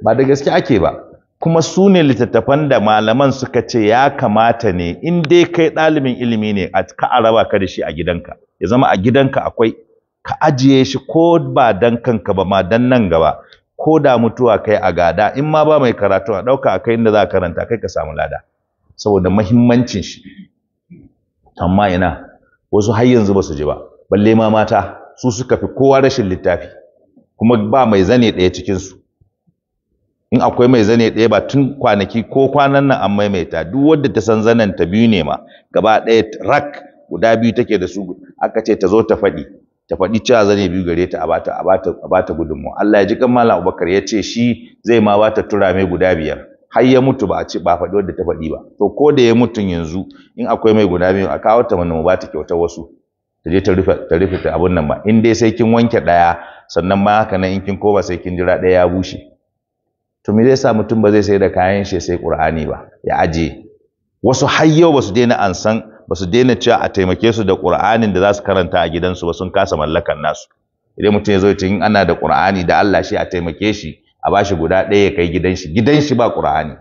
ba da gaske ake ba kuma su ne littattafan da malaman suka ce ya kamata ne in dai kai ɗalibin ilimi ne a ka a raba ka da shi a gidanka ya zama a gidanka akwai ka ajiye shi ko ba dan kanka ba ma dan nan gaba ko da mutuwa kai a gada in ma ba mai karatu a ɗauka a kai inda za a karanta kai ka samu lada saboda mahimmancin shi amma ina wasu har yanzu ba su ji ba balle ma mata su suka fi kowa rashin littafi kuma ba mai zane ɗaya cikinsu in akwai mai zane ɗaya ba tun kwanaki ko kwanan nan an maimaita duk wadda ta san zanen ta biyu ne ma gaba ɗaya rak guda biyu take da su aka ce ta zo ta faɗi ta faɗi cewa zane biyu gare ta a bata a bata a bata gudunmu Allah ya ji kan Malam Abubakar ya ce shi zai ma bata turame guda biyar har ya mutu ba a ci ba faɗi wadda ta faɗi ba to ko da ya mutu yanzu in akwai mai guda biyu a kawo ta mana mu ba ta kyautar wasu ta je ta rufe ta abun nan ba in dai sai kin wanke ɗaya sannan ma haka nan in kin koma sai kin jira ɗaya ya bushe to me zai sa mutum ba zai sai da kayan shi sai Qur'ani ba ya aje wasu har yau ba su daina ansan ba su daina cewa a taimake su da Qur'anin da za su karanta a gidansu ba sun kasa mallakan nasu idan mutum ya zo in ana da Qur'ani da Allah shi a taimake shi a bashi guda ɗaya ya kai gidan shi gidan shi ba ƙura'ani.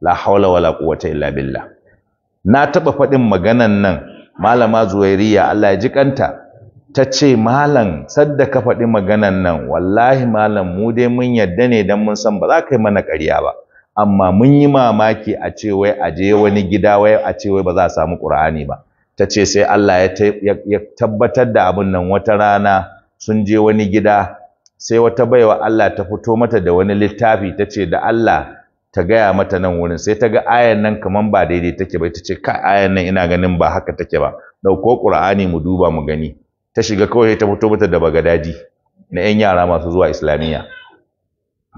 la haula wala quwwata illa billah na taba faɗin maganan nan malama zuwairiya Allah ya ji kanta ta ce malam sadda ka faɗi maganan nan wallahi malam mu dai mun yadda ne dan mun san ba za ka yi mana ƙarya ba amma mun yi mamaki a ce wai a je wani gida wai a ce wai ba za a samu ƙur'ani ba ta ce sai Allah ya tabbatar da abin nan wata rana sun je wani gida sai wata baiwa Allah ta fito mata da wani littafi ta ce da Allah ta gaya mata nan wurin sai ta ga ayan nan kaman ba daidai take ba Ita ce ka ayan nan ina ganin ba haka take ba dauko qur'ani mu duba mu gani ta shiga kawai ta fito mata da bagadaji na yan yara masu zuwa islamiyya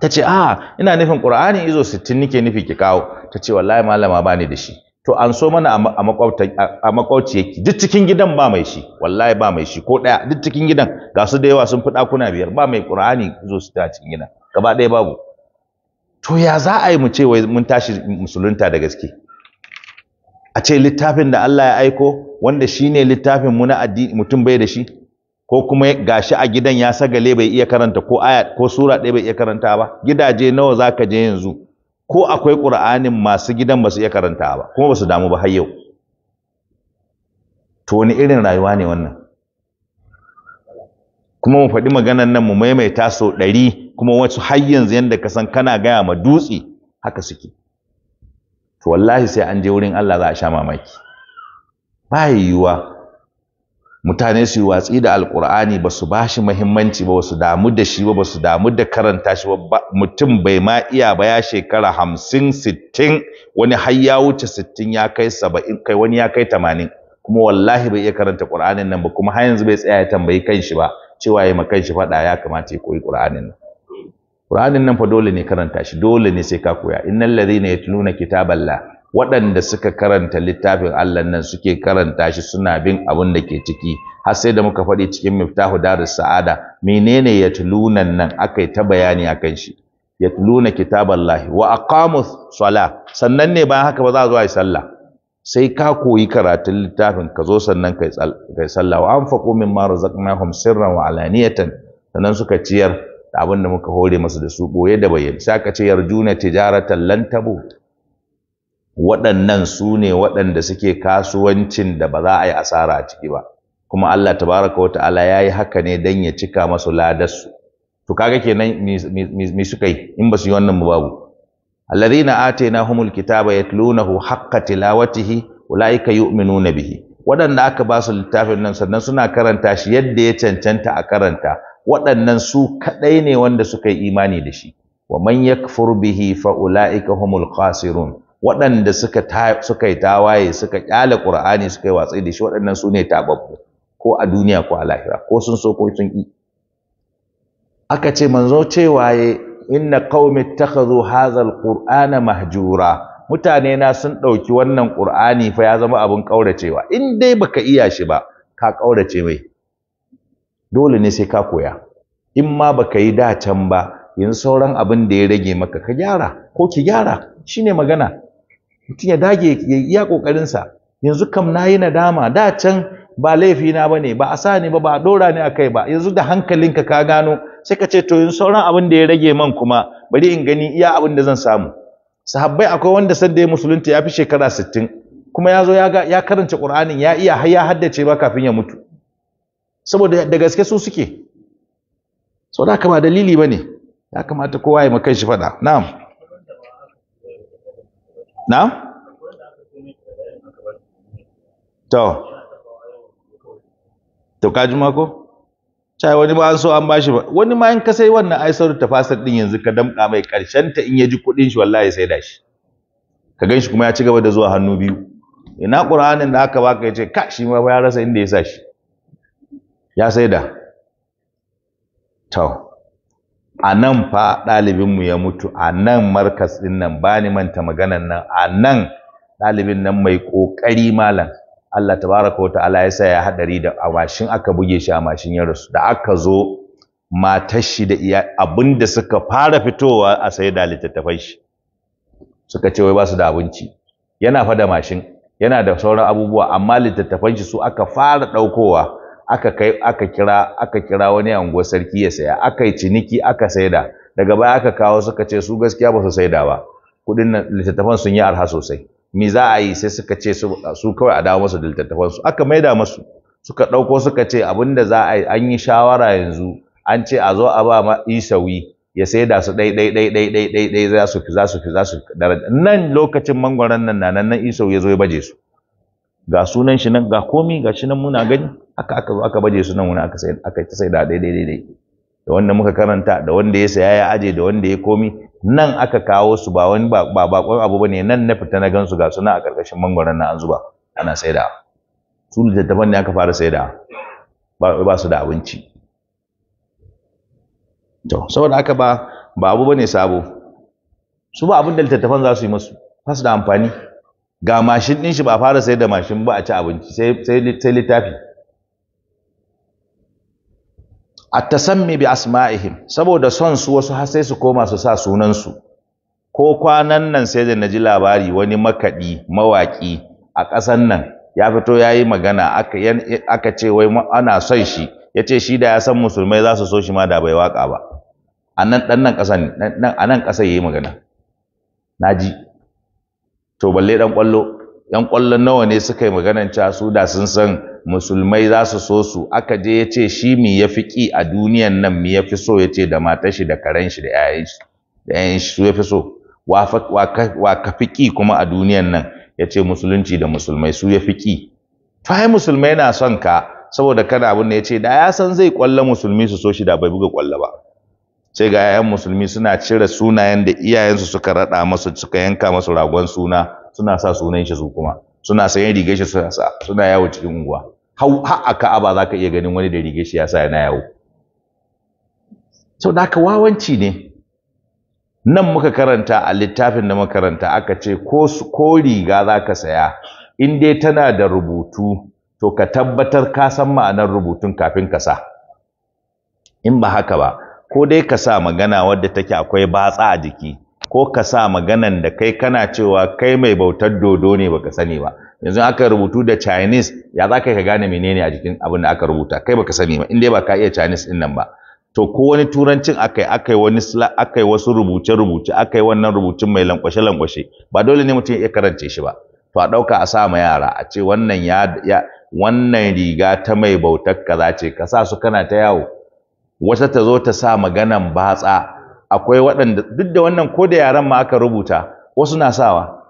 ta ce a ah, ina nufin qur'ani izo 60 nike nufi ki kawo ta ce wallahi malama bani da shi to an so mana a makwabta a makwauciyarki duk cikin gidan ba mai shi wallahi ba mai shi ko daya duk cikin gidan ga su da yawa sun fi ɗakuna biyar ba mai qur'ani zo su ta cikin gidan gaba daya babu to ya za a yi mu ce wai mun tashi musulunta da gaske a ce littafin da Allah ya aiko wanda shine littafin mu na addini mutum bai da shi ko kuma gashi a gidan ya sagale bai iya karanta ko aya ko sura ɗaya bai iya karanta ba gidaje nawa zaka je yanzu ko akwai ƙur'anin masu gidan ba su iya karanta ba kuma ba su damu ba har yau to wani irin rayuwa ne wannan kuma mu faɗi maganan nan mu maimaita sau ɗari kuma wasu har yanzu yadda ka san kana gaya ma dutse haka suke to wallahi sai an je wurin Allah za a sha mamaki ba yiwuwa mutane su yi watsi da alkur'ani ba su ba shi muhimmanci ba su damu da shi ba su damu da karanta shi ba mutum bai ma iya ba ya shekara hamsin sittin wani har ya wuce sittin ya kai saba'in kai wani ya kai tamanin kuma wallahi bai iya karanta qur'anin nan ba kuma har yanzu bai tsaya ya tambayi shi ba cewa ya ma shi faɗa ya kamata ya koyi qur'anin nan qur'anin nan fa dole ne karanta shi dole ne sai ka koya innal ladhina yatluna kitaballah waɗanda suka karanta littafin Allah nan suke karanta shi suna bin abin da ke ciki har sai da muka faɗi cikin miftahu darus sa'ada menene ya tulunan nan akai ta bayani akan shi Ya yatluna kitaballahi wa aqamu sala sannan ne bayan haka ba za a zo a yi sallah sai ka koyi karatun littafin ka zo sannan kai kai sallah wa anfaqu mimma razaqnahum sirran wa alaniyatan sannan suka ciyar abin da muka hore masu da su boye da bayyana sai aka ce yarjuna tijaratan lan waɗannan su ne waɗanda suke kasuwancin da ba za a yi asara a ciki ba kuma Allah tabaraka wa ta'ala ya yi haka ne don ya cika masu ladarsu to kaga kenan me suka yi in ba su yi wannan babu alladhina ya kitaba yatlunahu haqqa tilawatihi ulaika yu'minuna bihi waɗanda aka ba su littafin nan sannan suna karanta shi yadda ya cancanta a karanta waɗannan su kaɗai ne wanda suka yi imani da shi wa man yakfur bihi fa ulaika humul khasirun waɗanda suka suka yi tawaye suka kyale qur'ani suka yi watsi da shi waɗannan su ne tababbu ko a duniya ko a lahira ko sun so ko sun ki aka ce manzo cewa waye inna qaumi takhadhu hadha alqur'ana mahjura mutane na sun ɗauki wannan qur'ani fa ya zama abin kauracewa in dai baka iya shi ba ka kaurace mai dole ne sai ka koya in ma baka yi da can ba yanzu sauran abin da ya rage maka ka gyara ko ki gyara shine magana mutum ya dage ya iya sa yanzu kam na yi nadama da can ba laifina ba ne ba a sa ni ba ba a ɗora ni a kai ba yanzu da hankalinka ka gano sai ka ce to yin sauran abin da ya rage man kuma bari in gani iya abin da zan samu sahabbai akwai wanda sanda ya musulunta ya fi shekara sittin kuma ya zo ya karanta ƙur'anin ya iya har ya haddace ba kafin ya mutu saboda da gaske su suke saboda haka ba dalili ba ne ya kamata kowa ya makan shi faɗa na'am na? to to juma mako? cai wani ma an so an bashi ba wani ma in ka sai wannan aisar tafasar din yanzu ka damƙa mai karshen ta in ya ji kuɗin shi wallahi sai da shi ka gan kuma ya ci gaba da zuwa hannu biyu ina qur'anin da aka baka ya ce ka shi ma ba ya rasa inda ya sa ya sai da to a nan fa ɗalibinmu ya mutu a nan markas ɗin nan ba ni manta maganan nan a nan ɗalibin nan mai ƙoƙari malam Allah tabaraka wa ta'ala ya sa ya haɗari da a mashin aka buge shi a mashin ya rasu da aka zo matar shi da iya da suka fara fitowa a sai da littattafai shi suka ce wai ba su da abinci yana fa mashin yana da sauran abubuwa amma littattafan shi su aka fara ɗaukowa aka kai aka kira aka kira wani unguwar sarki ya saya aka yi ciniki aka saida daga baya aka kawo suka ce su gaskiya ba su saida ba kudin nan littattafan sun yi arha sosai me za a yi sai suka ce su kawai a dawo masu littattafan su aka maida masu suka ɗauko suka ce abin da za a yi an yi shawara yanzu an ce a zo a ba ma isawi ya saida su ɗai ɗai ɗai ɗai ɗai ɗai za su za su za su nan lokacin mangwaron nan nan nan isawi ya zo ya baje su ga sunan shi nan ga komi ga shi nan muna gani aka aka zo aka baje sunan wani aka sai aka ta sai da daidai daidai da wanda muka karanta da wanda ya saya ya aje da wanda ya komi nan aka kawo su ba wani ba ba bakon abu bane nan na fita na gansu ga suna a karkashin mangwaron na an zuba ana saida su littattafan ne aka fara saida ba ba su da abinci to saboda aka ba ba abu bane sabo su ba abin da littattafan za su yi musu ba su da amfani ga mashin ɗin shi ba fara sai da mashin ba a ci abinci sai littafi a ta tasammi bi asma'ihim saboda son su wasu har sai su koma su sa sunansu ko kwanan nan sai da na ji labari wani makaɗi mawaƙi a ƙasan nan ya fito ya yi magana aka ce wai ana son shi ya ce shi da ya san musulmai za su so shi ma da bai waƙa ba a nan ɗan nan ƙasan a nan ƙasa ya yi magana na ji to balle dan kwallo dan kwallon nawa ne suka yi maganan cewa su da sun san musulmai za su so su aka je ya ce shi mi ya fi ki a duniyan nan mi ya fi so ya ce da matar shi da karen shi da ƴaƴan shi da ƴaƴan shi su ya fi so wa ka fi ki kuma a duniyan nan ya ce musulunci da musulmai su ya fi ki to musulmai na son ka saboda kana abin da ya ce da ya san zai kwallo musulmi su so shi da bai buga kwallo ba sai ga 'ya'yan musulmi suna cire sunayen da iyayensu suka raɗa masu suka yanka masu ragon suna suna sa sunan shi su kuma suna sayan rigar shi suna sa suna yawo cikin unguwa hau har a za zaka iya ganin wani da rigar shi ya sa yana yawo saboda haka wawanci ne nan muka karanta a littafin da muka karanta aka ce ko ko riga zaka saya in dai tana da rubutu to ka tabbatar ka san ma'anar rubutun kafin ka sa in ba haka ba ko dai ka sa magana wadda take akwai batsa a jiki ko ka sa maganan da kai kana cewa kai mai bautar dodo ne baka sani ba yanzu aka rubutu da chinese ya za ka gane menene a jikin abin da aka rubuta kai baka sani ba in dai ka iya chinese din nan ba to ko wani turancin akai akai wani akai wasu rubuce rubuce akai wannan rubucin mai lankwashe lankwashe ba dole ne mutum ya karance shi ba to a dauka a sa ma yara a ce wannan ya wannan riga ta mai bautar kaza ce ka sa su kana ta yawo wata ta zo ta sa maganan batsa akwai waɗanda duk da wannan ko da yaran ma aka rubuta wasu na sawa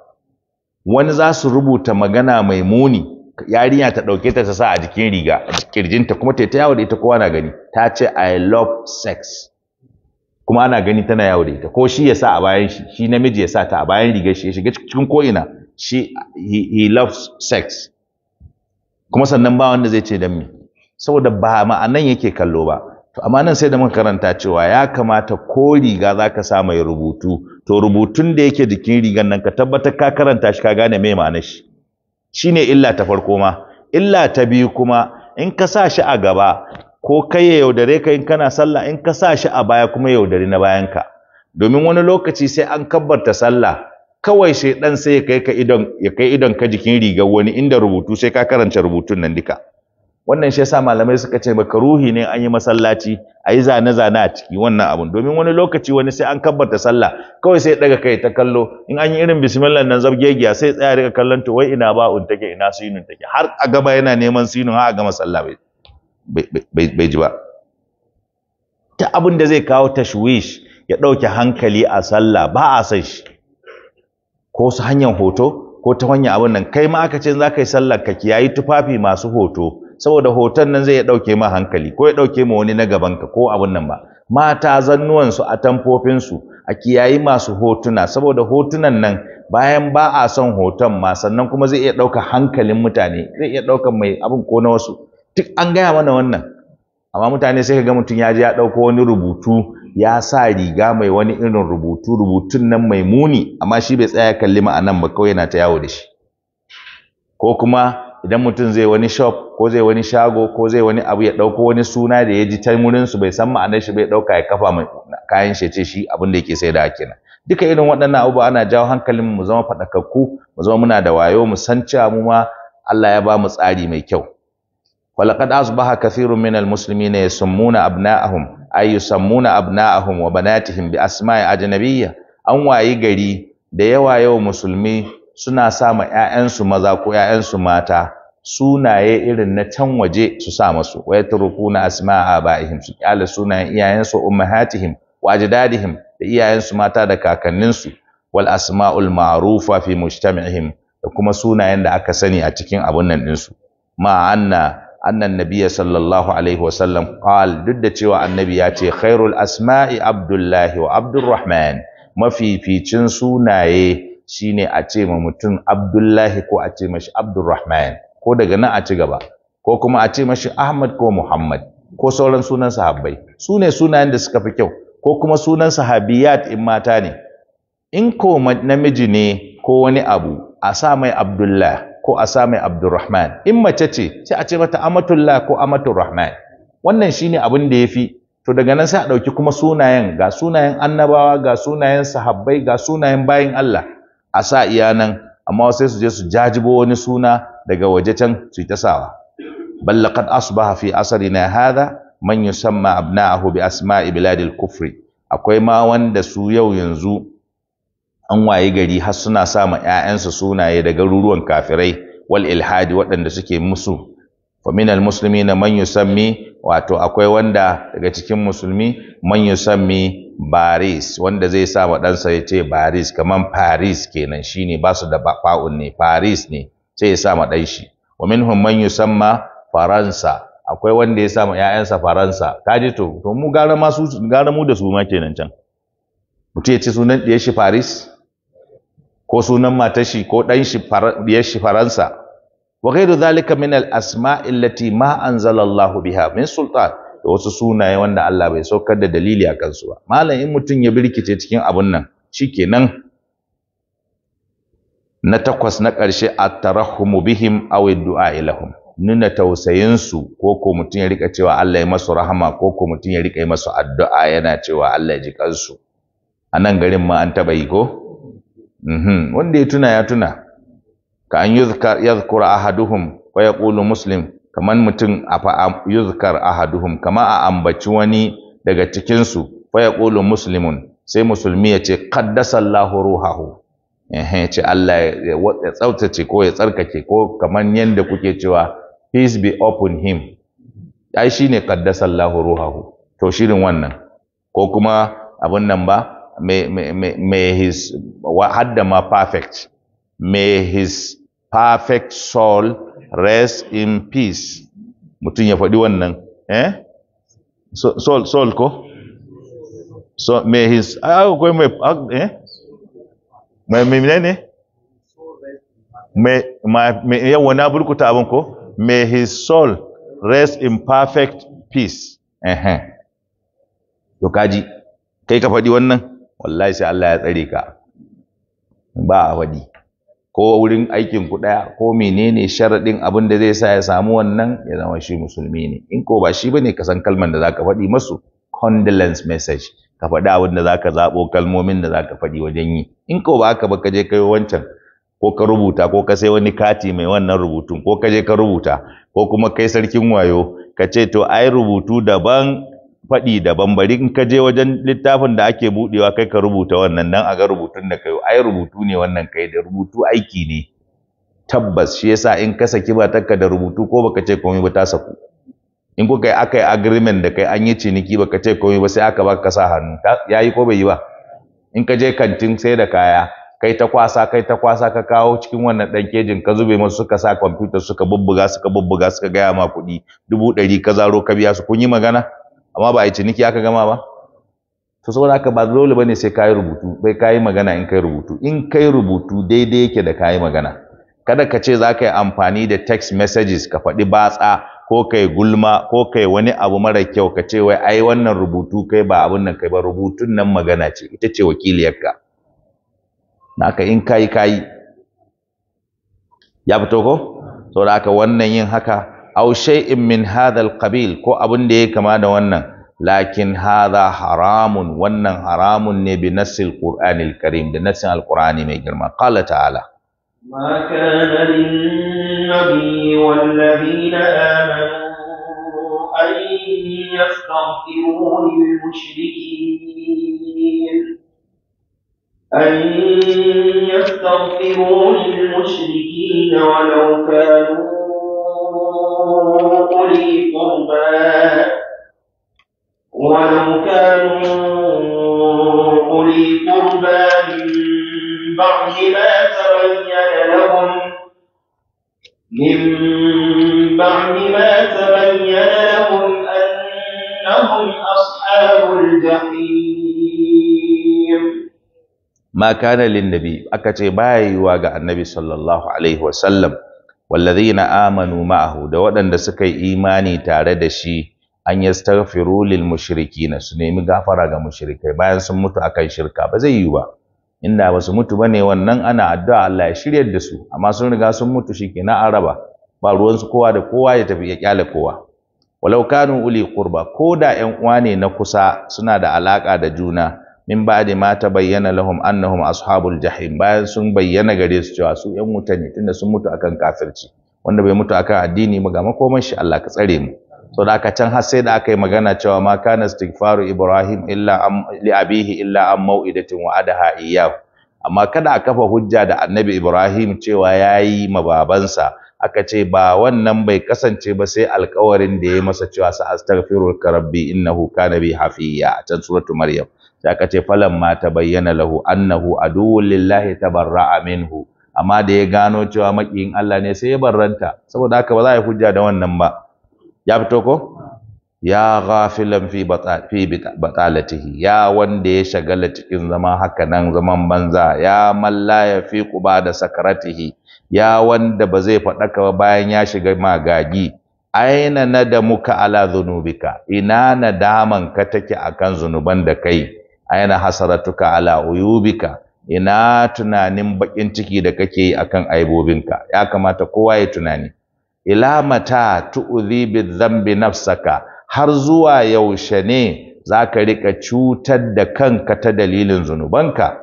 wani za su rubuta magana mai muni yarinya ta ɗauke ta ta sa a jikin riga a kirjinta kuma ta yawo da ita kowa na gani ta ce i love sex kuma ana gani tana yawo da ita ko shi ya sa a bayan shi shi namiji ya sa ta a bayan rigar shi ya shiga cikin ko'ina shi he, loves sex kuma sannan ba wanda zai ce don me saboda ba ma'anan yake kallo ba to amma nan sai da muka karanta cewa ya kamata ko riga za ka sa mai rubutu to rubutun da yake jikin rigan nan ka tabbatar ka karanta shi ka gane mai ma'anar shi shine illa ta farko ma illa ta biyu kuma in ka sa shi a gaba ko kai ya yaudare ka in kana sallah in ka sa shi a baya kuma yaudare na bayan ka domin wani lokaci sai an kabbarta sallah kawai shaidan sai ya kai ka idon ya kai idon ka jikin rigar wani inda rubutu sai ka karanta rubutun nan duka wannan shi yasa malamai suka ce ruhi ne an yi masallaci a yi zane-zane a ciki wannan abun domin wani lokaci wani sai an kabbata sallah kawai sai daga kai ta kallo in an yi irin bismillah nan zabgegiya sai tsaya daga kallon to wai ina un take ina sinun take har a gaba yana neman sinun har a gama sallah bai ji ba ta abin da zai kawo tashwish ya ɗauke hankali a sallah ba a san shi ko su hanyar hoto ko ta hanyar abin nan kai ma aka ce za ka yi sallar ka kiyayi tufafi masu hoto saboda hoton nan zai ya dauke ma hankali ko ya ɗauke ma wani na gaban ka ko abun nan ba mata zannuwansu su a tampofin su a kiyayi masu hotuna saboda hotunan nan bayan ba a son hoton ma sannan kuma zai iya dauka hankalin mutane zai iya dauka mai abin ko na wasu duk an gaya mana wannan amma mutane sai ka ga mutum ya je ya dauko wani rubutu ya sa riga mai wani irin rubutu rubutun nan mai muni amma shi bai tsaya kalli ma'anan ba kawai yana ta yawo da shi ko kuma idan mutum zai wani shop ko zai wani shago ko zai wani abu ya ɗauko wani suna da ya ji ta wurin su bai san ma'anar shi bai ɗauka ya kafa mai kayan shi ce shi abin da yake sai da hakina duka irin waɗannan abubuwa ana jawo hankalin mu zama faɗakakku mu zama muna da wayo mu san cewa mu ma Allah ya ba mu tsari mai kyau walaqad asbaha kathirun minal muslimina yasmuna abna'ahum ay yusammuna abna'ahum wa banatihim bi asma'i ajnabiyya an wayi gari da yawa yawa musulmi suna sa ma ‘ya'yansu maza ko ƴaƴansu mata sunaye irin na can waje su sa masu wa yatrukuna asma'a abaihim su kyale sunayen iyayensu ummahatihim wa ajdadihim da iyayensu mata da kakanninsu wal asma'ul ma'rufa fi mujtami'ihim da kuma sunayen da aka sani a cikin abun nan ɗinsu ma anna annan nabiyya sallallahu alaihi wa sallam qal duk da cewa annabi ya ce khairul asma'i abdullahi wa abdurrahman mafificin sunaye shine a ce ma mutum Abdullahi ko a ce mashi Abdurrahman ko daga nan a ci gaba ko kuma a ce mashi Ahmad ko Muhammad ko sauran sunan sahabbai su ne sunayen da suka fi kyau ko kuma sunan sahabiyat in mata ne in ko namiji ne ko wani abu a sa mai Abdullah ko a sa mai Abdurrahman in mace ce sai a ce mata Amatullah ko Amatulrahman, wannan shine abin da yafi to daga nan sai a ɗauki kuma sunayen ga sunayen annabawa ga sunayen sahabbai ga sunayen bayin Allah a sa iya nan amma sai su je su jajibo wani suna daga waje can su ta sawa ballaqad asbaha fi asrina hadha man yusamma abna'ahu bi asma'i biladil kufri akwai ma wanda su yau yanzu an waye gari har suna sa ma ƴaƴansu sunaye da garuruwan kafirai wal ilhadi waɗanda suke musu fa al muslimina man yusammi wato akwai wanda daga cikin musulmi man yusammi baris wanda zai sa wa ɗansa ya ce baris kaman paris kenan shine ba su da fa'un ne paris ne sai ya sa ma ɗan shi wa minhum man yusamma faransa akwai wanda ya sa ma ƴaƴansa faransa kaji to to mu gara ma gara mu da su ma kenan can Mutu ya ce sunan ɗiyar shi paris ko sunan matar shi ko ɗan shi ɗiyar shi faransa wa ghairu zalika min al asma'i allati ma anzala biha min sultan da wasu sunaye wanda Allah bai saukar da dalili a kansu ba malam in mutum ya birkice cikin abun nan shikenan na takwas na ƙarshe at-tarahumu bihim aw dua ilahum nuna tausayinsu ko ko mutum ya rika cewa Allah ya masu rahama ko ko mutum ya rika yi masu addu'a yana cewa Allah ya ji kansu a nan garin ma an taba yi ko mhm. wanda ya tuna ya tuna ka an yadhkura ahaduhum wa yaqulu muslim Kaman mutum a fa yuzkar ahaduhum kama a ambaci wani daga cikinsu, su ya yaqulu musulmin sai musulmi ya ce Allahu ruhahu ya ce Allah ya tsautace ko ya tsarkake ko kamar yadda kuke cewa peace be upon him ai shine Allahu ruhahu to shirin wannan ko kuma abun nan ba may, may, may, hadda ma perfect may his perfect soul rest in peace mutum ya faɗi wannan eh so, soul soul ko so may his ah, ah, ko mai ah, eh may mai ne may ya na burkuta abun ko may his soul rest in perfect peace eh to kaji kai ka faɗi wannan wallahi sai Allah ya tsare ka ba a faɗi ko wurin aikin ku ɗaya ko menene sharaɗin abin da zai sa ya samu wannan ya zama shi musulmi ne in ko ba shi bane ka san kalman da zaka faɗi masu condolence message ka faɗi abin da zaka zabo kalmomin da zaka faɗi wajen yi in ko ba haka ba ka je kai wancan ko ka rubuta ko ka sai wani kati mai wannan rubutun ko ka je ka rubuta ko kuma kai sarkin wayo ka ce to ai rubutu daban faɗi daban bari in ka je wajen littafin da ake buɗewa kai ka rubuta wannan dan a ga rubutun da kai ai rubutu ne wannan kai da rubutu aiki ne tabbas shi yasa in ka saki matarka da rubutu ko baka ce komai ba ta saku in kuka yi aka yi agreement da kai an yi ciniki baka ce komai ba sai aka baka sa hannu yayi ko bai yi ba in ka je kantin sai da kaya kai ta kwasa kai ta kwasa ka kawo cikin wannan dan kejin ka zube masu suka sa computer suka bubbuga suka bubbuga suka gaya ma kuɗi dubu ɗari ka zaro ka biya su kun yi magana amma ba a yi ciniki aka gama ba to saboda haka ba dole bane sai kayi rubutu bai kayi magana in kai rubutu in kai rubutu daidai yake da kayi magana kada ka ce za ka yi amfani da text messages ka faɗi batsa ko kai gulma ko kai wani abu mara kyau ka ce wai ai wannan rubutu kai ba abun nan kai ba rubutun nan magana ce ita ce wakiliyarka naka in kayi kayi ya fito ko saboda haka wannan yin haka أو شيء من هذا القبيل كو أبن دي كما دوانا لكن هذا حرام وانا حرام بنس القرآن الكريم بنس القرآن ميجرما قال تعالى ما كان للنبي والذين آمنوا أن يستغفروا للمشركين أن يستغفروا للمشركين ولو كانوا أولي قربى ولو كانوا أولي قربى من بعد ما تبين لهم من بعد ما تبين لهم أنهم أصحاب الجحيم ما كان للنبي أكتبائي واقع النبي صلى الله عليه وسلم na amanu ma'ahu da waɗanda suka yi imani tare da shi an yastaghfiru lil mushrikina su nemi gafara ga mushrikai bayan sun mutu akan shirka ba zai yi ba inda ba su mutu bane wannan ana addu'a Allah ya shiryar da su amma sun riga sun mutu shikenan a raba ba ruwan su kowa da kowa ya tafi ya kyale kowa walau kanu uli qurba ko da 'yan uwa ne na kusa suna da alaka da juna min ba ba'di ma bayyana lahum annahum ashabul jahim bayan sun bayyana gare su cewa su yan wuta ne tunda sun mutu akan kafirci wanda bai mutu akan addini ba ga makoman shi Allah ka tsare mu so da aka can har sai da aka yi magana cewa ma kana istighfaru ibrahim illa am li abihi illa an mau'idatin wa'adaha iyyahu amma kada a kafa hujja da annabi ibrahim cewa yayi mababansa aka ce ba wannan bai kasance ba sai alkawarin da ya masa cewa sa astaghfiruka rabbi innahu kana bi hafiya a can suratu maryam sai aka ce falan ma ta bayyana lahu annahu aduwwun lillahi tabarra'a minhu amma da ya gano cewa makiyin Allah ne sai ya barranta saboda haka ba za a hujja da wannan ba ya fito ko ya ghafilan fi fi batalatihi ya wanda ya shagala cikin zaman haka nan zaman banza ya malla ya fi quba da sakaratihi ya wanda ba zai faɗaka ba bayan ya shiga magagi aina nadamuka ala zunubika ina nadaman ka take akan zunuban da kai aina hasaratuka ala uyubika ina tunanin bakin ciki da kake yi akan aibobinka ya kamata kowa ya tunani ila mata bi dhanbi nafsaka har zuwa yaushe ne zaka rika cutar da kanka ta dalilin zunubanka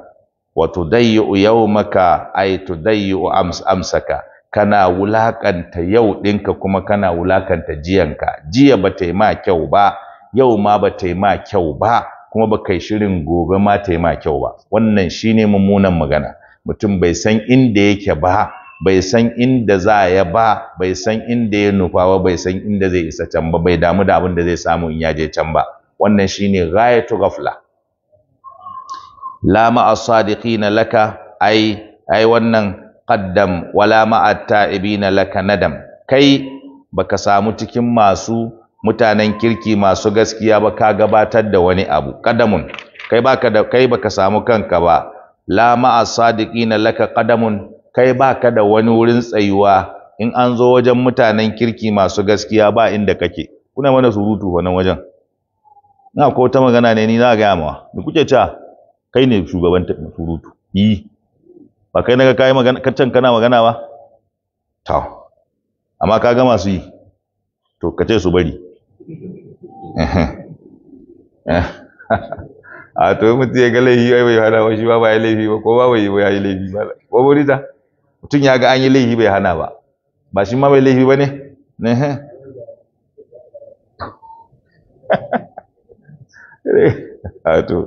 wa tudayyu yawmaka ay tudayyu ams amsaka kana wulakanta yau ɗinka kuma kana wulakanta jiyanka jiya ba ta yi ma kyau ba yau ma ba ta yi ma kyau ba kuma baka yi shirin gobe ma ta yi ma kyau ba wannan shine mummunan magana mutum bai san inda yake ba bai san inda za ya ba bai san inda ya nufa ba bai san inda zai isa can ba bai damu da abin da zai samu in ya je can ba wannan shine ghayatu ghafla la ma'a sadiqina laka ai ai wannan qaddam wala at ta'ibina laka nadam kai baka samu cikin masu mutanen kirki masu gaskiya ba ka gabatar da wani abu Kadamun, kai baka da kai baka samu kanka ba la ma'a sadiqina laka qadamun kai baka da wani wurin tsayuwa in an zo wajen mutanen kirki masu gaskiya ba inda kake kuna mana surutu wannan wajen ina ko ta magana ne ni na ga ma ni kuke cewa kai ne shugaban surutu yi ba kai naga kai magana kacan kana magana ba ta amma ka ga masu yi to kace su bari Eh. a to mutum ya ga laifi ai bai hana ba shi ba ya laifi ba ko ba bai ya yi laifi ba ko ta, mutum ya ga an yi laifi bai hana ba ba shi ma bai laifi ba ne eh. a to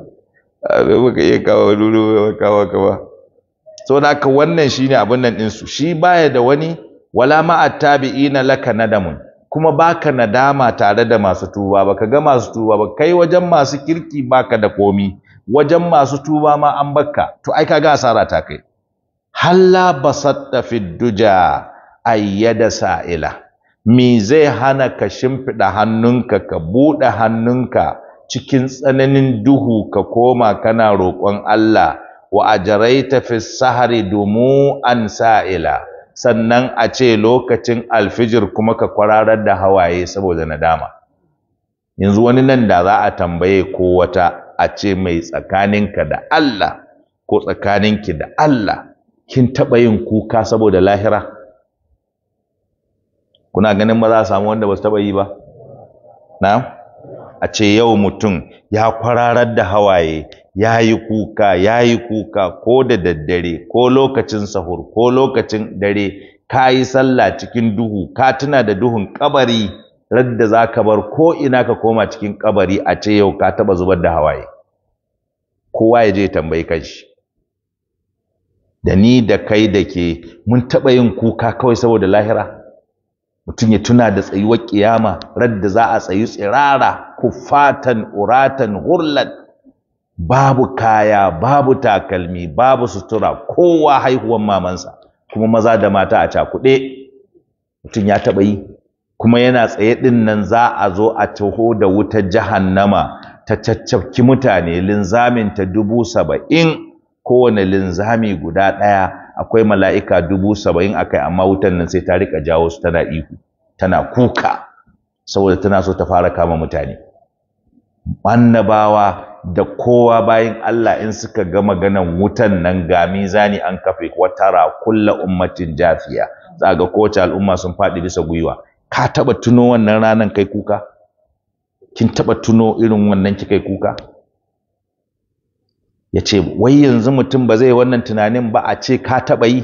a to muka iya kawo lulu ba kawo ka ba so da ka wannan shine abin nan din su, shi baya da wani wala ma'a tabi'ina laka nadamun kuma baka nadama tare da masu tuba ba ka ga masu tuba ba kai wajen masu kirki baka da komi wajen masu tuba ma an baka to ai kaga asara ta kai halla basatta fi duja ayyada sa'ila me zai hana ka shimfiɗa hannunka ka buɗe hannunka cikin tsananin duhu ka koma kana roƙon Allah wa ajaraita fi sahari dumu an sa'ila sannan a ce lokacin alfijir kuma ka kwararar da hawaye saboda nadama yanzu wani nan da za a tambaye ko wata a ce mai tsakaninka da Allah ko tsakaninki da Allah kin taɓa yin kuka saboda lahira kuna ganin ba za a samu wanda ba su taɓa yi ba na a ce yau mutum ya kwararar da hawaye ya yi kuka ya yi kuka ko da daddare ko lokacin sahur ko lokacin dare ka yi sallah cikin duhu ka tuna da duhun kabari radda za ka bar ko ina ka koma cikin kabari a ce yau ka taba zubar da hawaye kowa ya je tambayi kanshi da ni da kai da ke mun taba yin kuka kawai saboda lahira mutum ya tuna da tsayuwar kiyama radda za a tsayi tsirara kufatan uratan hurlan babu kaya babu takalmi babu sutura kowa haihuwan mamansa kuma maza da mata a cakuɗe mutum ya taɓa yi kuma yana tsaye ɗin nan za a zo a taho da wuta jahannama ta caccabki mutane linzamin ta dubu saba'in kowane linzami guda ɗaya akwai mala'ika dubu saba'in akai, amma wutan nan sai ta riƙa jawo su tana ihu tana kuka saboda tana so ta fara kama mutane annabawa da kowa bayan Allah in suka ga maganan wutan nan ga mizani an kafe watara kulla ummatin jafiya za ga kowace al'umma sun faɗi bisa gwiwa ka taba tuno wannan ranan kai kuka kin taba tuno irin wannan kika kuka ya wai yanzu mutum ba zai wannan tunanin ba a ce ka taba yi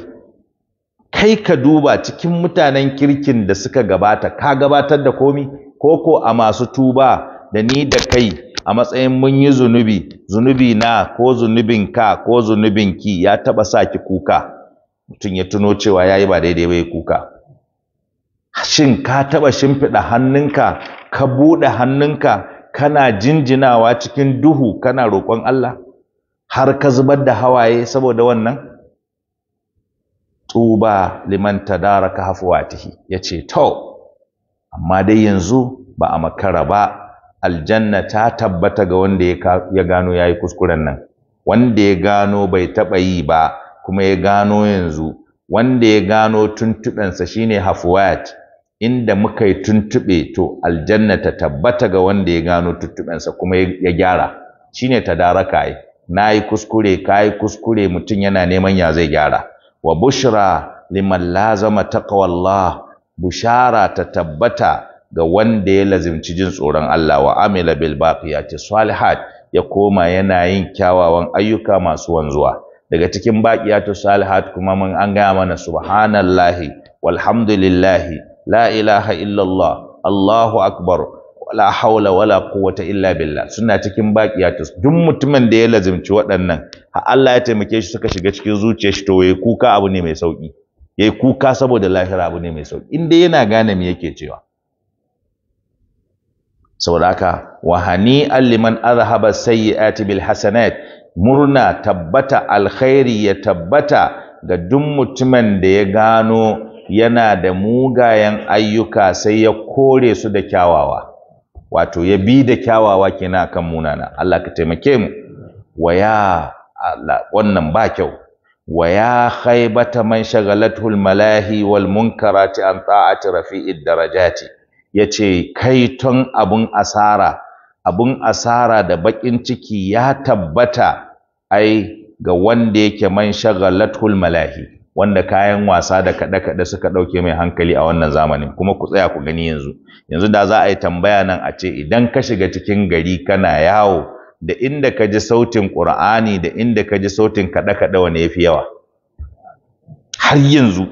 kai ka duba cikin mutanen kirkin da suka gabata ka gabatar da komi koko a masu tuba da ni da kai a matsayin mun yi zunubi zunubi na ko zunubin ka ko zunubin ki ya taba sa ki kuka mutum ya tuno cewa yayi ba daidai ba ya kuka shin ka taba shimfiɗa hannunka ka buɗe hannunka kana jinjinawa cikin duhu kana roƙon Allah har ka zubar da hawaye saboda wannan tuba liman tadaraka hafuwatihi yace to amma dai yanzu ba a makara ba aljanna ta tabbata ga wanda ya gano ya yi kuskuren nan wanda ya gano bai taɓa yi ba kuma ya gano yanzu wanda ya gano tuntuɓensa shine hafuwat inda muka yi tuntuɓe to aljanna ta tabbata ga wanda ya gano tuntuɓensa kuma ya gyara shine tadaraka ai na yi kuskure ka yi kuskure mutum yana neman ya zai gyara wa bushra liman lazama taqwallah bushara ta tabbata ga wanda ya lazimci jin tsoron Allah wa amila bil baqiyati salihat ya koma yana yin kyawawan ayyuka masu wanzuwa daga cikin baqiyatu salihat kuma mun an gaya mana subhanallahi walhamdulillahi la ilaha illallah Allahu akbar wala haula wala quwwata illa billah suna cikin baqiyatu duk mutumin da ya lazimci waɗannan Allah ya taimake shi suka shiga cikin zuciyar shi to yayi kuka abu ne mai sauki yayi kuka saboda lahira abu ne mai sauki Inda yana gane me yake cewa saboda haka wa alliman liman azhaba sayyi'ati bil hasanat murna tabbata alkhairi ya tabbata ga duk mutumin da ya gano yana da mugayen ayyuka sai ya kore su da kyawawa wato ya bi da kyawawa kina kan munana Allah ka taimake mu waya Allah wannan ba kyau waya khaybata man shagalatul malahi wal munkarati an ta'ati rafi'id darajati ya ce kaiton abun asara abun asara da baƙin ciki ya tabbata ai ga wanda yake man shagalatul malahi wanda kayan wasa da kada kaɗe suka dauke mai hankali a wannan zamanin kuma ku tsaya ku gani yanzu yanzu da za a yi tambaya nan a ce idan ka shiga cikin gari kana yawo da inda ka ji sautin ƙur'ani da inda ka ji sautin kaɗe-kaɗe wane ya fi yawa har yanzu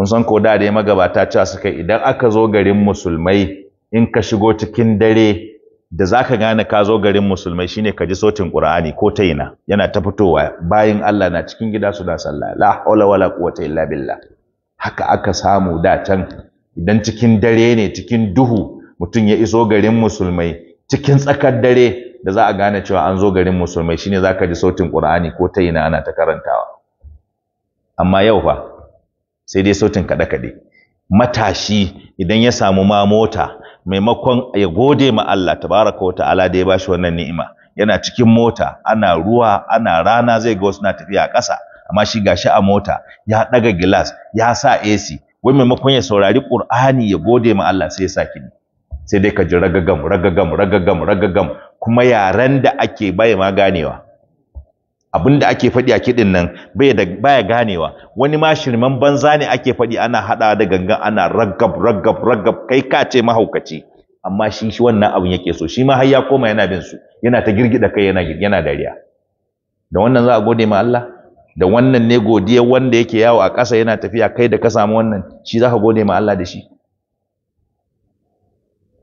kun san ko da dai magabata cewa suka idan aka zo garin musulmai in ka shigo cikin dare da zaka gane ka zo garin musulmai shine ka ji sautin qur'ani ko ta ina yana ta fitowa bayin Allah na cikin gida su da sallah la haula wala quwwata illa billah haka aka samu da can idan cikin dare ne cikin duhu mutum ya iso garin musulmai cikin tsakar dare da za a gane cewa an zo garin musulmai shine zaka ji sautin qur'ani ko ta ina ana ta karantawa amma yau fa sai dai sautin kaɗe-kaɗe matashi idan ya samu ma mota maimakon ya gode ma Allah tabaraka wa ta'ala da ya bashi wannan ni'ima yana cikin mota ana ruwa ana rana zai ga wasu na tafiya ƙasa amma shi gashi a mota ya ɗaga gilas ya sa AC wai maimakon ya saurari Qur'ani ya gode ma Allah sai ya sa ni. sai dai ka ji ragagam ragagam ragagam ragagam kuma yaren da ake bai ma ganewa abin da ake faɗi a kiɗin nan bai da baya ganewa wani ma shirman banza ne ake faɗi ana haɗa da gangan ana raggab raggab raggab kai ka ce mahaukaci amma shi shi wannan abin yake so shi ma har ya koma yana bin su yana ta girgida kai yana yana dariya da wannan za a gode ma Allah da wannan ne godiya wanda yake yawo a ƙasa yana tafiya kai da ka samu wannan shi za ka gode ma Allah da shi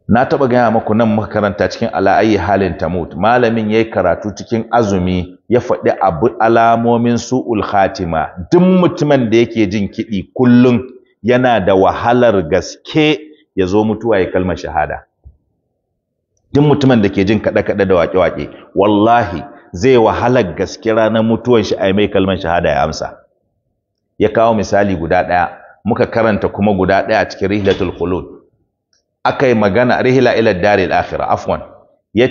na taɓa gaya maku nan muka karanta cikin ala'ayi halin tamut malamin ya yi karatu cikin azumi ya faɗi abu alamomin su'ul khatima duk mutumin da yake jin kiɗi kullum yana da wahalar gaske ya zo mutuwa ya kalmar shahada duk mutumin da ke jin kaɗe-kaɗe da waƙe-waƙe wallahi zai wahalar gaske ranar mutuwan shi a mai kalmar shahada ya amsa ya kawo misali guda ɗaya muka karanta kuma guda ɗaya cikin rihlatul khulud aka yi magana rihila ila daril akhira afwan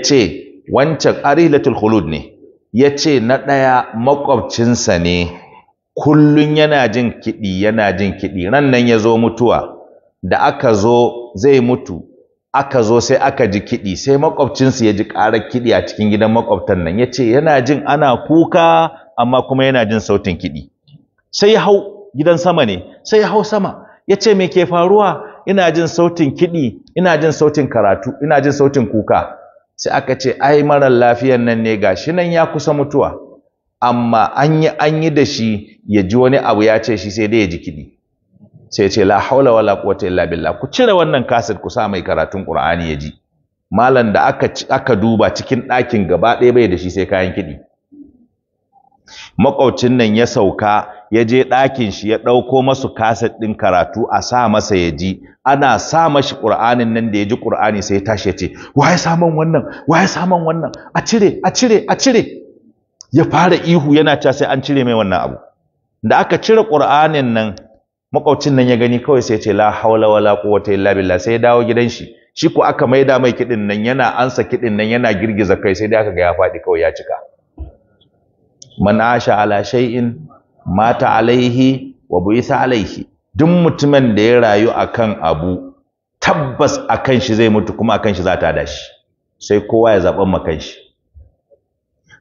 ce wancan arihlatul khulud ne Ya ce na ɗaya makwabcinsa ne Kullum yana jin kiɗi. yana jin kiɗi. ran nan zo mutuwa da aka zo zai mutu aka zo sai aka ji kiɗi. sai makwabcinsa ya ji ƙarar kiɗi a cikin gidan makwabtan nan ce yana jin ana kuka amma kuma yana jin sautin kiɗi. sai ya hau gidan sama ne sai ya hau sama Ya ce me ke faruwa ina jin sautin kiɗi ina jin sautin karatu ina jin sautin kuka sai aka ce ai marar lafiyan nan ne ga shi nan ya kusa mutuwa amma an yi an yi da shi ya ji wani abu ya ce shi sai dai ya ji kiɗi sai ce la haula wala quwwata illa billah ku cire wannan kaset ku sa mai karatun qur'ani ya ji malam da aka aka duba cikin ɗakin gaba ɗaya bai da shi sai kayan kiɗi makwaucin nan ya sauka ya je ɗakin shi ya ɗauko masu kaset ɗin karatu a sa masa ya ji ana sa mashi ƙur'anin nan da ya ji ƙur'ani sai ya tashi ya ce waye saman wannan waye saman wannan a cire a cire a cire ya fara ihu yana cewa sai an cire mai wannan abu da aka cire ƙur'anin nan makwabcin nan ya gani kawai sai ya ce la haula wala quwwata illa billah sai ya dawo gidan shi shi ko aka maida mai kiɗin nan yana ansa kiɗin nan yana girgiza kai sai dai aka ga ya faɗi kawai ya cika man asha ala shay'in mata alaihi wa buisa alaihi duk mutumin da ya rayu akan abu tabbas akan shi zai mutu kuma akan shi za ta dashi sai kowa ya zaɓan makan shi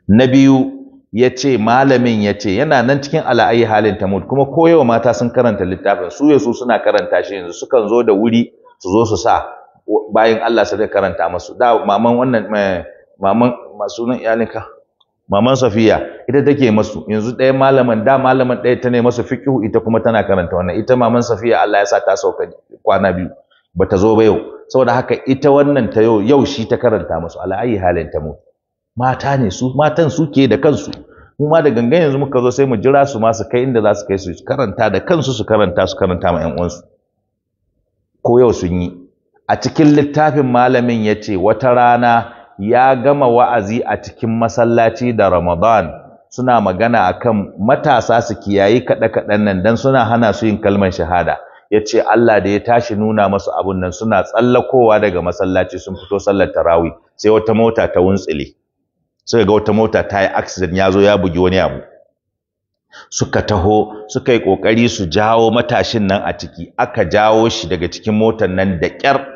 na biyu ya ce malamin ya ce yana nan cikin ala'ayi halin tamud kuma koyawa mata sun karanta littafin su yasu suna karanta shi yanzu sukan zo da wuri su zo su sa bayan Allah su karanta musu da maman wannan eh, maman masu iyalinka maman Safiya ita take masu yanzu ɗaya malaman da malaman ɗaya ta ne masu fiqhu ita kuma tana karanta wannan ita maman Safiya Allah ya sa ta sauka kwana biyu bata zo ba yau saboda haka ita wannan ta yau yau shi ta karanta masu ala ayi halin ta mu mata ne su matan suke da kansu mu ma da gangan yanzu muka zo sai mu jira su ma su kai inda za su kai su karanta da kansu su karanta su karanta ma 'yan uwansu ko yau sun yi a cikin littafin malamin yace wata rana ya gama wa'azi a cikin masallaci da Ramadan suna magana a kan matasa su kiyayi kaɗe-kaɗen nan don suna hana su yin kalmar shahada Ya ce Allah da ya tashi nuna masu abun nan suna tsallakowa daga masallaci sun fito sallar Tarawi. sai wata mota ta wuntsile suka ga wata mota ta yi accident ya zo ya bugi wani abu suka taho suka yi ƙoƙari su jawo matashin nan a ciki aka jawo shi daga cikin motar nan da ƙyar.